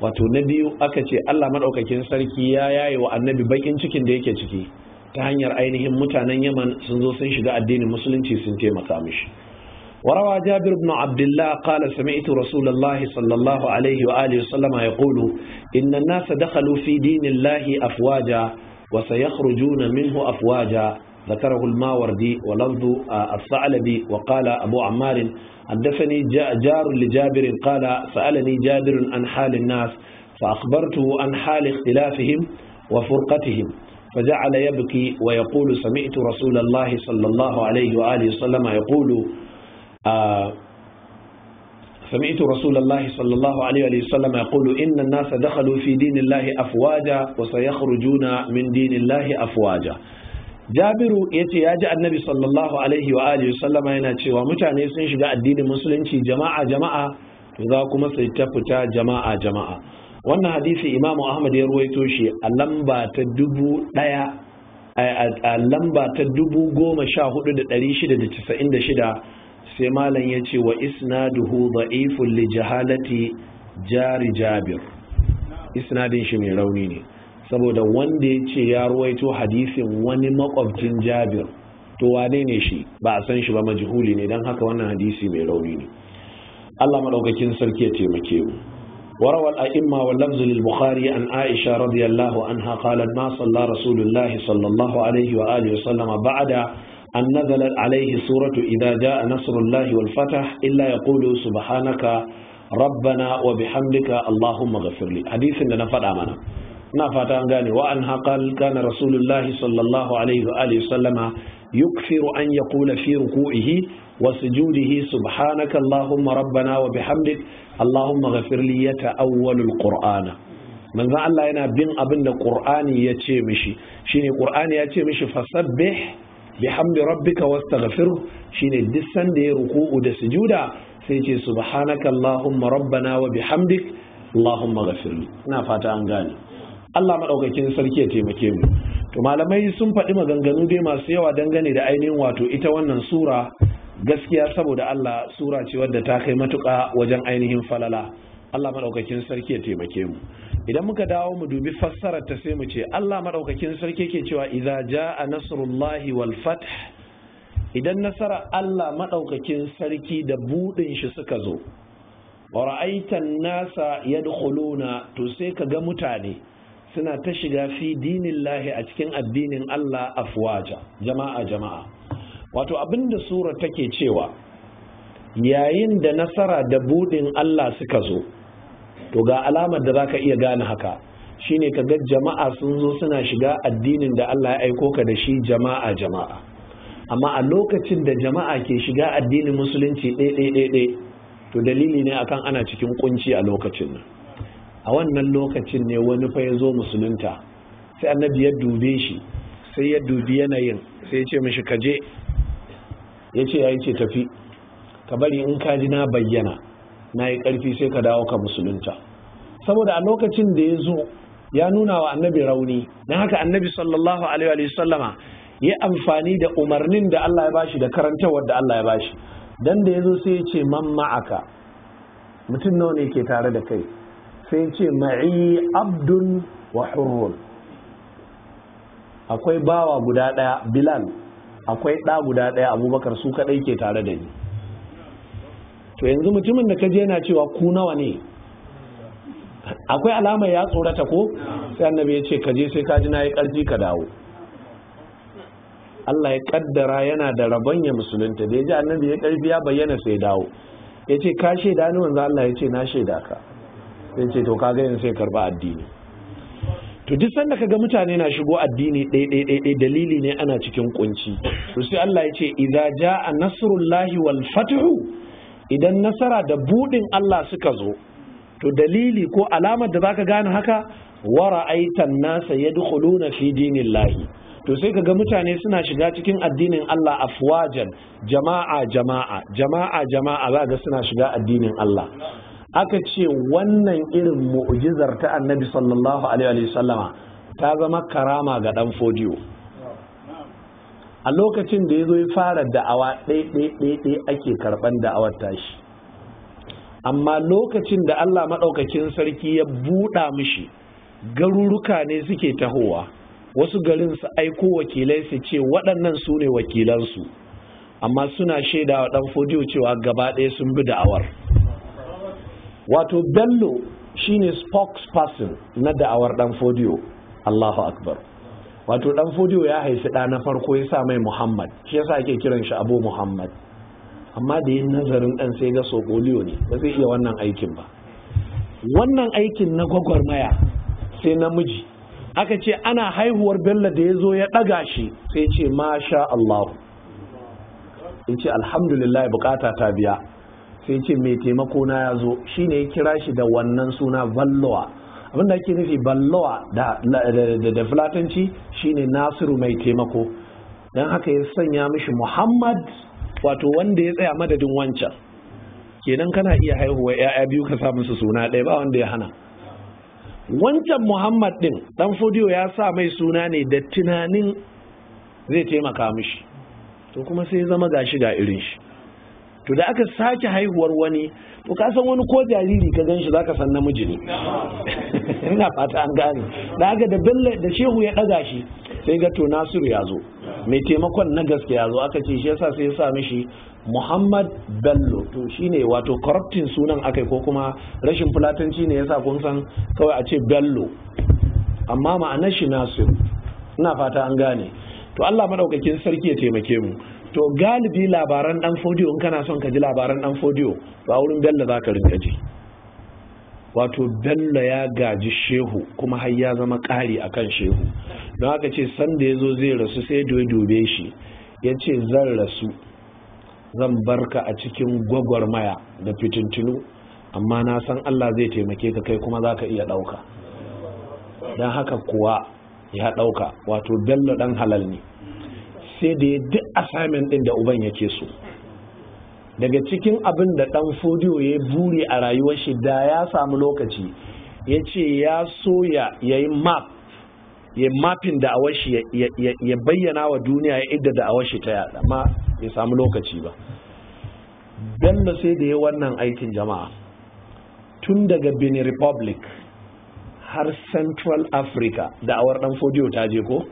wato na biyu aka ce Allah maɗaukakin sarki ya yaye wa annabi bakin cikin da yake ciki ta hanyar ainihin mutanen yaman sun zo sun shiga addinin musulunci sun taimaka mishi وروى جابر بن عبد الله قال سمعت رسول الله صلى الله عليه وآله وسلم يقول إن الناس دخلوا في دين الله أفواجا وسيخرجون منه أفواجا ذكره الماوردي ولفظ آه، الثعلبي وقال أبو عمار حدثني جار لجابر قال سألني جابر عن حال الناس فأخبرته عن حال اختلافهم وفرقتهم فجعل يبكي ويقول سمعت رسول الله صلى الله عليه وآله وسلم يقول سمعت رسول الله صلى الله عليه وسلم يقول إن الناس دخلوا في دين الله أفواجا وسيخرجون من دين الله أفواجا jabiru ya ce ya ji annabi sallallahu yana cewa mutane sun shiga addinin musulunci jama'a jama'a za kuma su ta jama'a jama'a wannan hadisi imamu ahmad ya ruwaito shi a lamba ta dubu a lamba ta dubu goma sha hudu da dari shida da casa'in da shida sai malam ya ce wa isnaduhu da'ifun li jahalati jari jabir isnadin shi mai rauni ne saboda wanda ya ce ya ruwaito hadisin wani makwabcin jabir to wane ne shi ba a san shi ba majihuli ne don haka wannan hadisi mai rauni ne Allah maɗaukakin sarki ya taimake mu وروى الأئمة واللفظ للبخاري Bukhari an Aisha الله anha قالت ما صلى رسول الله صلى الله عليه وآله وسلم بعد an nazalar alaihi suratu idan ja'a nasrullahi wal fatah illa yaqulu subhanaka rabbana wa bihamdika allahumma ghafirli hadisin da na faɗa mana Ina fata an gane wa an haƙal kana rasulullahi sallallahu alaihi wa alihi sallama yukfiru an yaqula fi ruku'ihi wa sujudihi subhanaka allahumma rabbana wa bihamdik allahumma ghafirli yata'awwalu alqur'ana manzo Allah yana bin abin da qur'ani ya ce mishi shine qur'ani ya ce mishi fasabbih bihamdi rabbika wastaghfiruh shine duk sanda ya ruku'u da sujuda sai ce subhanaka allahumma rabbana wa bihamdik allahumma ghfirli ina fata an gane Allah madaukakin sarki ya taimake mu to malamai sun faɗi maganganu dai masu yawa dangane da ainihin wato ita wannan sura gaskiya saboda Allah sura ce wadda ta kai matuƙa wajen ainihin falala Allah madaukakin sarki ya taimake mu idan muka dawo mu dubi fassarar ta sai mu ce Allah madaukakin sarki ke cewa idza jaa nasrullahi wal fath idan nasara Allah madaukakin sarki da budin shi suka zo wa an nasa yadkhuluna to sai ka ga mutane suna ta shiga fi dinillahi a cikin addinin Allah afwaja jama'a jama'a wato abinda sura take cewa yayin da nasara da budin Allah suka zo to ga alamar da zaka iya gane haka shine ka ga jama'a sun zo suna shiga addinin da Allah ya aiko ka da shi jama'a jama'a amma a lokacin da jama'a ke shiga addinin musulunci ɗaiɗaiɗaiɗai to dalili ne akan ana cikin kunci a lokacin nan a wannan lokacin ne wani fa ya zo musulunta sai annabi ya dube shi sai ya dubi yanayin sai ya ce mishi kaje ya ce ya yi ce tafi ka bari in kaji na bayyana na yi ƙarfi sai ka dawo ka musulunta saboda a lokacin da ya zo ya nuna wa annabi rauni don haka annabi sallallahu alaihi wa sallama ya amfani da umarnin da Allah ya bashi da karantawar da Allah ya bashi dan da ya zo sai ya ce man ma'aka mutum nawa ne ke tare da kai sai ya ce ma'i abdun wa hurrun akwai bawa guda ɗaya bilal akwai ɗa guda ɗaya abubakar su kaɗai ke tare da ni to yanzu mutumin da ka je yana cewa ku nawa ne akwai alama ya tsorata ko sai annabi ya ce ka je sai ka ji na yi ƙarfi ka dawo Allah ya kaddara yana da rabon ya musulunta da ya ji annabi ya ƙarfi ya bayyana sai dawo ya ce ka shaida ni wanzu Allah ya ce na shaida ka sai ce to ka ga sai karba addini to duk sanda kaga mutane na shigo addini ɗai dalili ne ana cikin kunci to sai Allah ya ce idza jaa nasrullahi wal fathu idan nasara da buɗin Allah suka zo to dalili ko alamar da zaka gane haka wa ra'aitan nasa yadkhuluna fi dinillahi to sai kaga mutane suna shiga cikin addinin Allah afwajan jama'a jama'a jama'a jama'a za ga suna shiga addinin Allah aka ce wannan irin mu'jizar ta annabi sallallahu alaihi wa ta zama karama ga dan fodiyo a lokacin da ya zo ya fara da'awa ɗaiɗaiɗaiɗai ake karɓan da'awar tashi amma lokacin da allah maɗaukakin sarki ya buɗa mishi garuruka ne suke tahowa wasu garin su aiko wakilai su ce waɗannan su ne wakilansu amma suna shaida wa ɗan fojiyo cewa gaba ɗaya sun bi da'awar wato bello shine spokesperson na da'awar ɗan fojiyo allahu akbar wato dan fodiyo ya haifi ɗa na farko ya sa mai muhammad shi yasa ake kiran shi abu muhammad amma da yin nazarin ɗan sai ga sokoliyo ne ba zai iya wannan aikin ba wannan aikin na gwagwarmaya sai namiji aka ce ana haihuwar bello da ya zo ya daga shi sai ce masha allahu in ce alhamdulillah bukata ta biya sai ce mai taimako na ya zo shine ya kira shi da wannan suna vallowa abinda ake nufi ballowa da fulatanci shine nasiru mai taimako don haka ya sanya mishi muhammad wato wanda ya tsaya madadin wancan kenan kana iya haihuwa ya'ya biyu ka sa musu suna ɗaya ba wanda ya hana wancan muhammad ɗin ɗan fudiyo ya sa mai suna ne da tunanin zai taimaka mishi to kuma sai ya zama gashi ga irin shi to da aka sake haihuwar wani to ka san wani ko jariri ka gan shi zaka san namiji ne ina fata an gane da aka da bello da shehu ya daga shi sai ga to nasiru ya zo mai taimakon na gaske ya zo aka ce shi yasa sai ya sa mishi muhammad bello to shine wato corrupting sunan akai ko kuma rashin fulatanci ne yasa kun san kawai a ce bello amma ma'anar shi nasiru ina fata an gane to allah madaukakin sarki ya taimake mu to galibi labaran dan fodiyo in kana son ka ji labaran dan fodiyo ba wurin bello za ka rinka ji wato bello ya gaji shehu kuma har ya zama kari a kan shehu don haka ce sanda ya zo zai rasu sai doye dube shi ya ce zan rasu zan barka a cikin gwagwarmaya da fitintunu amma na san allah zai taimake ka kai kuma za ka iya ɗauka don haka kuwa ya ɗauka wato bello ɗan halal ne sai da ya duk assignment ɗin da uban yake so daga cikin abin da ɗan fodiyo ya buri a rayuwar shi da ya samu lokaci ya ce ya so ya yi map ya mapin da awashi ya bayyana wa duniya ya idda da awashi ta yada ma ya samu lokaci ba bello sai da ya wannan aikin jama'a tun daga benin republic har central africa da awar dan fodiyo ta je ko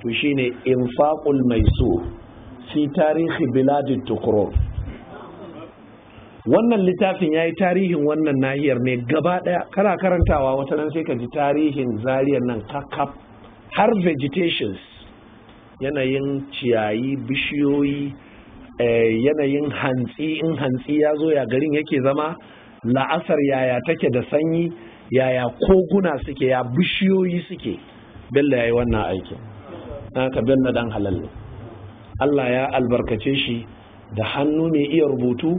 to shine mai so fi tarihi biladit tukrur wannan littafin ya yi tarihin wannan nahiyar ne gaba ɗaya kana karantawa wata nan sai ka ji tarihin zariyar nan kakaf har vegetations yanayin ciyayi bishiyoyi eh, yanayin hantsi in hantsi ya zo ya garin yake zama la'asar yaya take da sanyi yaya koguna suke ya bishiyoyi suke bello ya yi wannan aikin na haka bello dan halal ne Allah ya albarkace shi da hannu mai iya rubutu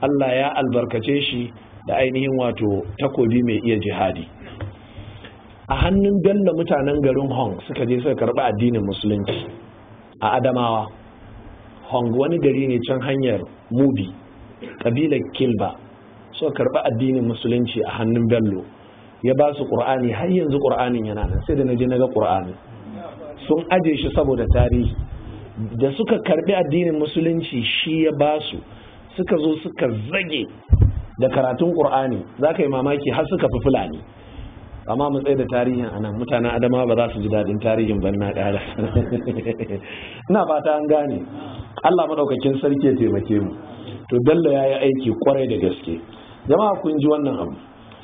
Allah ya albarkace shi da ainihin wato takobi mai iya jihadi a hannun bello mutanen garin hong suka je suka karɓi addinin musulunci a adamawa hong wani gari ne can hanyar mubi ƙabilar kilba suka karɓi addinin musulunci a hannun bello ya ba su ƙur'ani har yanzu ƙur'anin yana nan sai da na je na ga sun aje shi saboda tarihi da suka karbi addinin musulunci shi ya basu suka zo suka zage da karatun ƙur'ani za ka yi mamaki har suka fi fulani amma mu tsaye da tarihin anan mutanen adama ba za su ji daɗin tarihin ban na ƙara ina fata an gane allah maɗaukakin sarki ya taimake mu to bello ya yi aiki kwarai da gaske jama'a kun ji wannan abu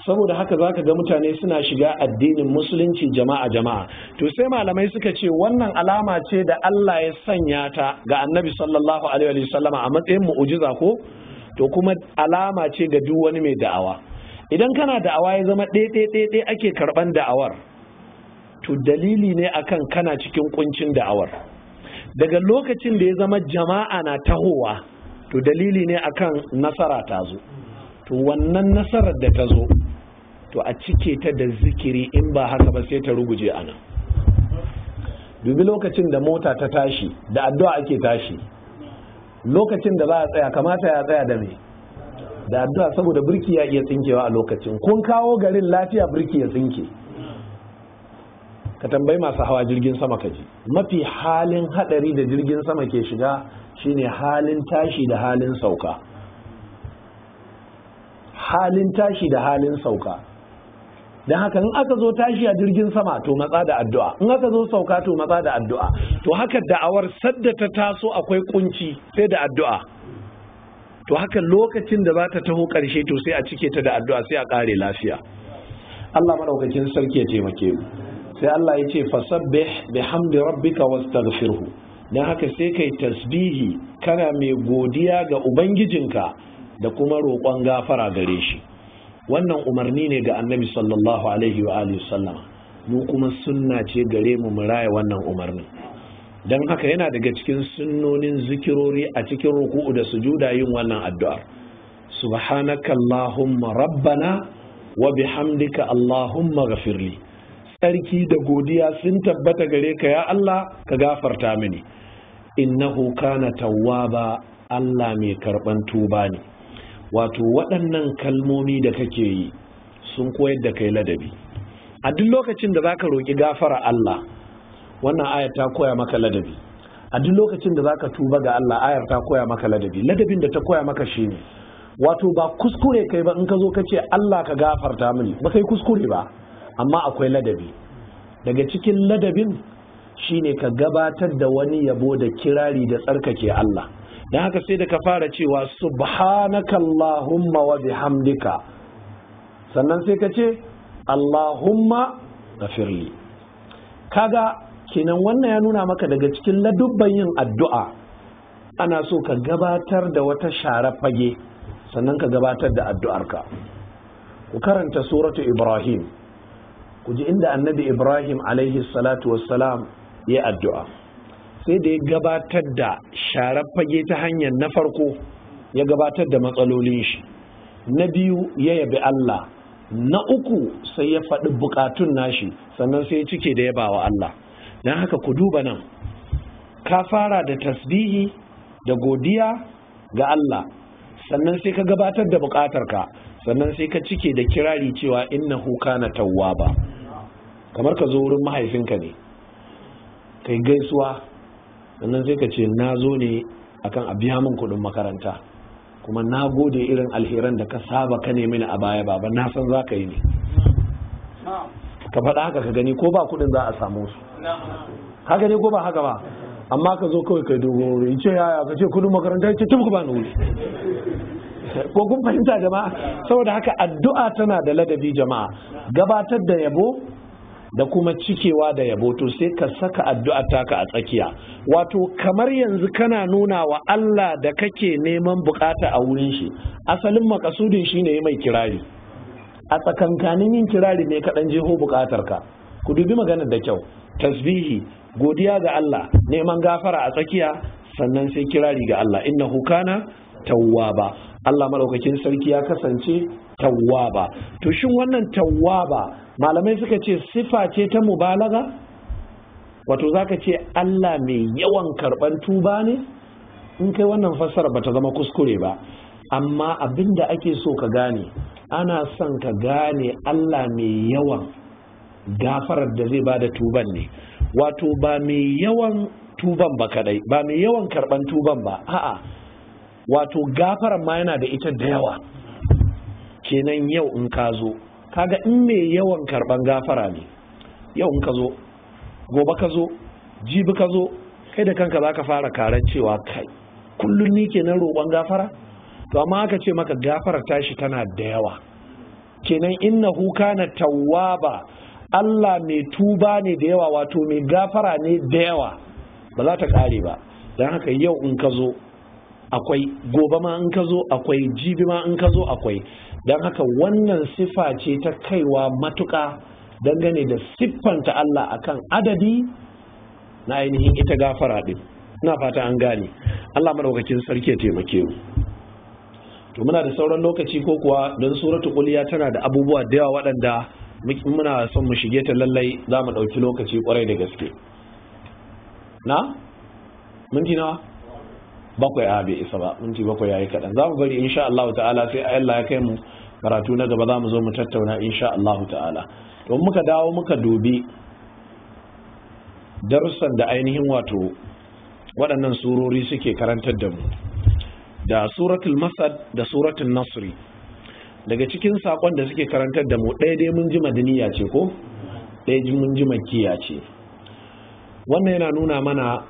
saboda haka zaka ga mutane suna shiga addinin musulunci jama'a jama'a to sai malamai suka ce wannan alama ce da Allah ya sanya ta ga annabi sallallahu alaihi wa sallama a matsayin mu'ujiza ko to kuma alama ce ga duk wani mai da'awa idan kana da'awa ya zama ɗaiɗaiɗaiɗai ake karɓan da'awar to dalili ne akan kana cikin kuncin da'awar daga lokacin da ya zama jama'a na tahowa to dalili ne akan nasara ta zo to wannan nasarar da ta zo to a cike ta da zikiri in ba haka ba sai ta ruguje a dubi lokacin da mota ta tashi da addu'a ake tashi lokacin da za a tsaya kamata ya tsaya da me da addu'a saboda birki ya iya tsinkewa a lokacin kun kawo garin lafiya birki ya tsinke ka tambayi masu hawa jirgin sama ka mafi halin hadari da jirgin sama ke shiga shine halin tashi da halin sauka halin tashi da halin sauka don haka in aka zo tashi a jirgin sama to matsa da addu'a in aka zo sauka to matsa da addu'a to haka da'awar sadda ta taso akwai kunci sai da addu'a to haka lokacin da za ta taho ƙarshe to sai a cike ta da addu'a sai a kare lafiya Allah madaukakin sarki ya taimake mu sai Allah ya ce fasabbih bihamdi rabbika wastaghfirhu dan haka sai kai tasbihi kana mai godiya ga ubangijinka da kuma roƙon gafara gare shi wannan umarni ne ga annabi sallallahu alaihi wa alihi sallama mu kuma sunna ce gare mu mu raya wannan umarni dan haka yana daga cikin sunnonin zikirori a cikin ruku'u da sujuda yin wannan addu'ar subhanakallahumma rabbana wa bihamdika allahumma ghafirli Sarki da godiya sun tabbata gare ka ya Allah ka gafarta mini innahu kana tawwaba Allah mai karban tuba ne wato waɗannan kalmomi da kake yi sun koyar da kai ladabi a duk lokacin da zaka roƙi gafara Allah wannan ayar ta koya maka ladabi a duk lokacin da zaka tuba ga Allah ayar ta koya maka ladabi ladabin da ta koya maka shine wato ba kuskure kai ba in ka zo ka Allah ka gafarta mini ba kai kuskure ba amma akwai ladabi daga cikin ladabin shine ka gabatar da wani yabo da kirari da tsarkake Allah don haka sai da ka fara cewa subhanakallahumma wa bihamdika sannan sai ka ce allahumma gafirli kaga kenan wannan ya nuna maka daga cikin ladubban yin addu'a ana so ka gabatar da wata share fage sannan ka gabatar da addu'arka ku karanta suratu ibrahim ku ji inda annabi ibrahim alaihi salatu wassalam ya addu'a sai da ya gabatar da sharar fage ta hanyar na farko ya gabatar da matsalolin shi na biyu ya yabi Allah na uku sai ya faɗi bukatun nashi sannan sai ya cike da yabawa Allah don haka ku duba nan ka fara da tasbihi da godiya ga Allah sannan sai ka gabatar da bukatarka sannan sai ka cike da kirari cewa na kana ba. kamar ka zo wurin mahaifinka ne kai gaisuwa sannan sai ka ce na zo ne akan a biya min kuɗin makaranta kuma na gode irin alheran da ka saba ka nemi a baya baba na san za ka yi ne ka faɗa haka ka gani ko ba kuɗin za a samu su haka ne ko ba haka ba amma ka zo kawai kai dogon wuri ce yaya ka ce kuɗin makaranta ce tum ku ba ni ko kun fahimta jama'a saboda haka addu'a tana da ladabi jama'a gabatar da yabo da kuma cikewa da yabo to sai ka saka addu'a taka a tsakiya wato kamar yanzu kana nuna wa Allah da kake neman bukata a wurin shi asalin makasudin shine mai kirari a tsakankanin yin kirari ne kaɗan jeho bukatar ka ku dubi maganar da kyau tasbihi godiya ga Allah neman gafara a tsakiya sannan sai kirari ga Allah innahu kana tawwaba Allah maɗaukakin sarki ya kasance tawwaba to shin wannan tawwaba malamai suka ce sifa ce ta mubalaga wato zaka ce Allah mai yawan karban tuba ne in kai wannan fassara bata zama kuskure ba amma abinda ake so ka gane ana son ka gane Allah mai yawan gafarar da zai bada tuban ne wato ba mai yawan tuban ba kadai ba mai yawan karban tuban ba a'a wato gafarar ma yana da ita da yawa kenan yau in ka zo kaga in mai yawan karban gafara ne yau in ka zo gobe ka zo jibi ka zo kai da kanka za ka fara karar cewa kai kullum ni kenan roƙon gafara to amma aka ce maka gafara tashi tana da yawa kenan innahu kana tawwaba Allah mai tuba ne da yawa wato mai gafara ne da yawa ba za ta kare ba don haka yau in ka zo akwai gobe ma in ka zo akwai jibi ma in ka zo akwai don haka wannan sifa ce ta kaiwa matuƙa dangane da siffanta Allah a kan adadi na ainihin ita gafara ɗin ina fata an gane Allah maɗaukakin sarki ya taimake mu to muna da sauran lokaci ko kuwa don suratu kuliya tana da abubuwa da yawa waɗanda muna son mu shige ta lallai za mu ɗauki lokaci kwarai da gaske na minti nawa bakwai a bai isa ba minti bakwai yayi kaɗan za mu bari insha Allah ta'ala sai yalla ya kai mu karatu na gaba za mu zo mu tattauna insha Allah ta'ala don muka dawo muka dubi darussan da ainihin wato waɗannan surori suke karantar da mu da suratul masad da suratul nasri daga cikin sakon da suke karantar da mu ɗaya dai mun ji madaniya ce ko ɗaya mun ji makiya ce wannan yana nuna mana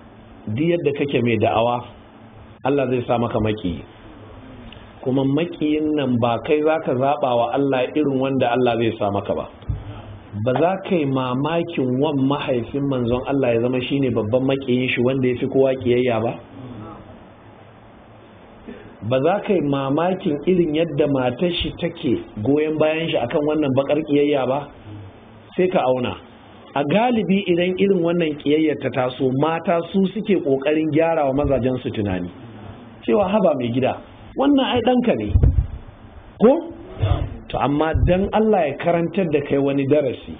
duk yadda kake mai da'awa Allah zai sa maka maki kuma makiyin nan ba kai za ka zaɓa wa Allah irin wanda Allah zai sa maka ba ba za ka yi mamakin wan mahaifin manzon Allah ya zama shine babban makiyin shi wanda ya fi kowa ƙiyayya ba ba za ka yi mamakin irin yadda matar shi take goyon bayan shi akan wannan bakar ƙiyayya ba sai ka auna a galibi idan irin wannan ƙiyayyar ta taso mata su suke ƙoƙarin gyara wa mazajen su tunani cewa haba mai gida wannan ai ɗanka ne ko to amma dan Allah ya karantar da kai wani darasi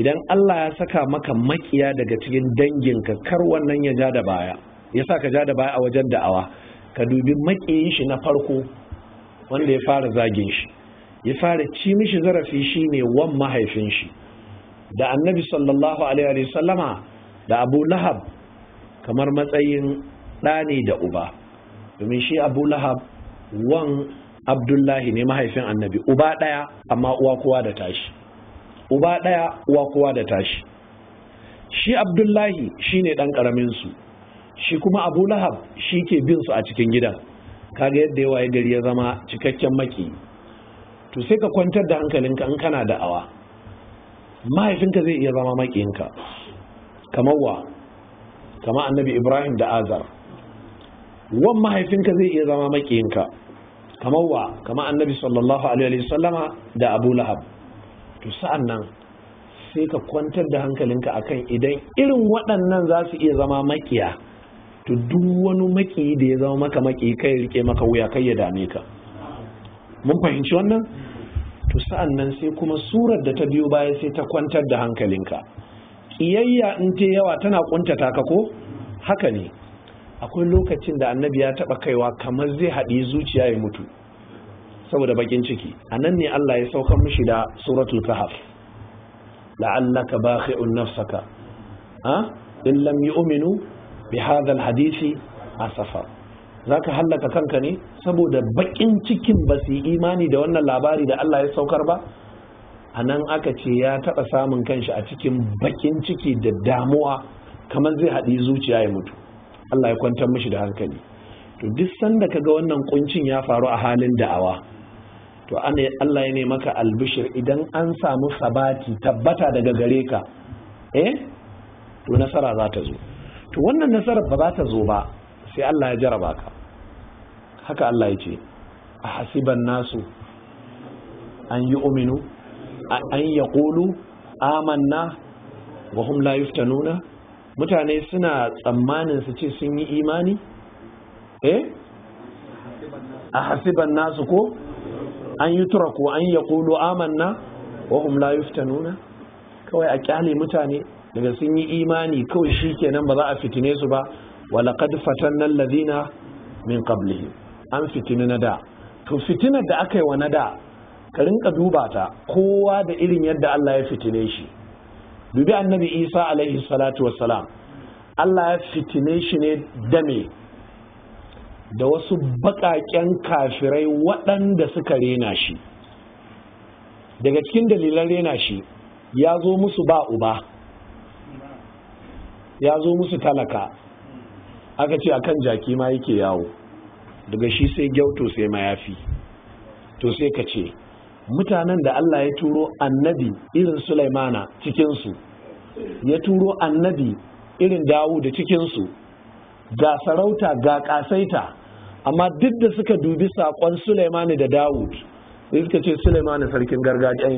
idan Allah ya saka maka makiya daga cikin danginka kar wannan ya ja da baya ya sa ka ja da baya a wajen da'awa ka dubi makiyin shi na farko wanda ya fara zagin shi ya fara ci mishi zarafi shi ne wan mahaifin shi da annabi sallallahu alaihi wasallama da abu lahab kamar matsayin ɗa da uba domin shi abu lahab wan abdullahi ne mahaifin annabi uba ɗaya amma uwa kowa da tashi uba ɗaya uwa kowa da tashi shi abdullahi shi ne ɗan su shi kuma abu lahab shi ke bin su a cikin gidan kaga yadda yawa gari ya zama cikakken maki to sai ka kwantar da hankalinka in kana da awa mahaifinka zai iya zama makinka kamar wa kamar annabi ibrahim da azar wan mahaifinka zai iya zama makiyinka kamar wa kamar annabi sallallahu alaihi sallama da abu lahab to sa'an nan sai ka kwantar da hankalinka akan idan irin waɗannan za su iya zama makiya to duk wani makiyi da ya zama maka makiyi kai rike maka wuya kai ya dame ka mun fahimci wannan to sa'an nan sai kuma surar da ta biyo baya sai ta kwantar da hankalinka ƙiyayya in te yawa tana ƙuntata ka ko haka ne akwai lokacin da annabi ya taba kaiwa kamar zai haɗi zuciya ya mutu saboda bakin ciki a nan ne Allah ya saukar mishi da suratul kahf la'allaka bakhi'un nafsaka ha in lam yu'minu bi hadha alhadisi asafa zaka hallaka kanka ne saboda bakin cikin ba su imani da wannan labari da Allah ya saukar ba a nan aka ce ya taba samun kanshi a cikin bakin ciki da damuwa kamar zai haɗi zuciya ya mutu Allah ya kwantar mishi da hankali to duk sanda kaga wannan kuncin ya faru a halin da'awa to Allah ya ne maka albishir idan an samu sabati tabbata daga gare ka eh to nasara za ta zo to wannan nasarar ba za ta zo ba sai Allah ya jaraba ka haka Allah ya ce a hasiban nasu an yi uminu an ya ƙulu amanna wa hum la yuftanuna mutane suna tsammanin su ce sun yi imani eh a hasiban nasu ko an yi tura ko an ya kulo amanna wa hum la yuftanuna kawai a kyale mutane daga sun yi imani kawai kenan ba za a fitine su ba wa laqad fatanna alladhina min qablihim an fitina na da to fitinar da aka yi wa na da ka rinka duba ta kowa da irin yadda Allah ya fitine shi dubi annabi isa alaihi salatu salam, allah ya fitine shi ne dame da wasu baƙaƙen kafirai waɗanda suka rena shi daga cikin dalilan rena shi ya zo musu ba uba ya zo musu talaka aka ce akan jaki ma yake yawo daga shi sai gyauto sai mayafi to sai ka ce mutanen da Allah ya turo annabi irin Sulaimana cikinsu ya turo annabi irin dawu da cikinsu ga sarauta ga kasaita amma duk da suka dubi saƙon Sulaimani da Dawud sai suka ce Sulaimani sarkin gargajiya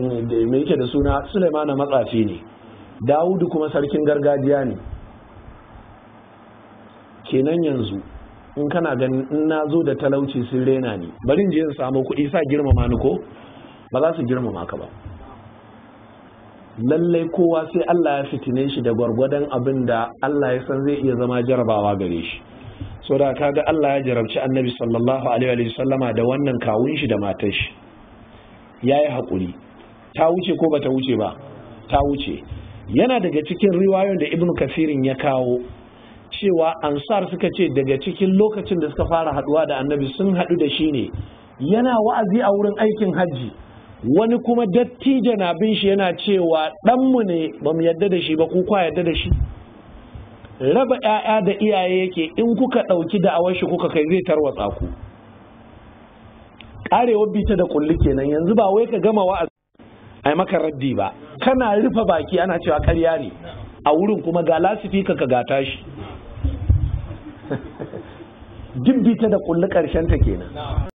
me yake da suna Sulaimani matsaci ne Dawudu kuma sarkin gargajiya ne kenan yanzu in kana ganin in na zo da talauci sun rena ni bari in je in samu kuɗi sa girmama ni ko ba za su girmama ka ba lallai kowa sai Allah ya fitine shi da gwargwadon abin da Allah ya san zai iya zama jarabawa gare shi so da kaga Allah ya jarabci annabi sallallahu alaihi wa sallama da wannan kawun shi da matar shi yayi hakuri ta wuce ko bata wuce ba ta wuce yana daga cikin riwayon da ibnu kasirin ya kawo cewa ansar suka ce daga cikin lokacin da suka fara haɗuwa da annabi sun haɗu da shi ne yana wa'azi a wurin aikin hajji wani kuma datti na bin shi yana cewa ɗanmu ne ba mu yadda da shi ba ku kwa yadda da shi raba 'ya'ya da iyaye yake in kuka ɗauki da shi kuka kai zai tarwatsa ku karewar bita da kulli kenan yanzu ba wai ka gama wa'azi ai maka raddi ba kana rufe baki ana cewa karya ne a wurin kuma ga lasifika ka gata shi duk bita da kulli karshen ta kenan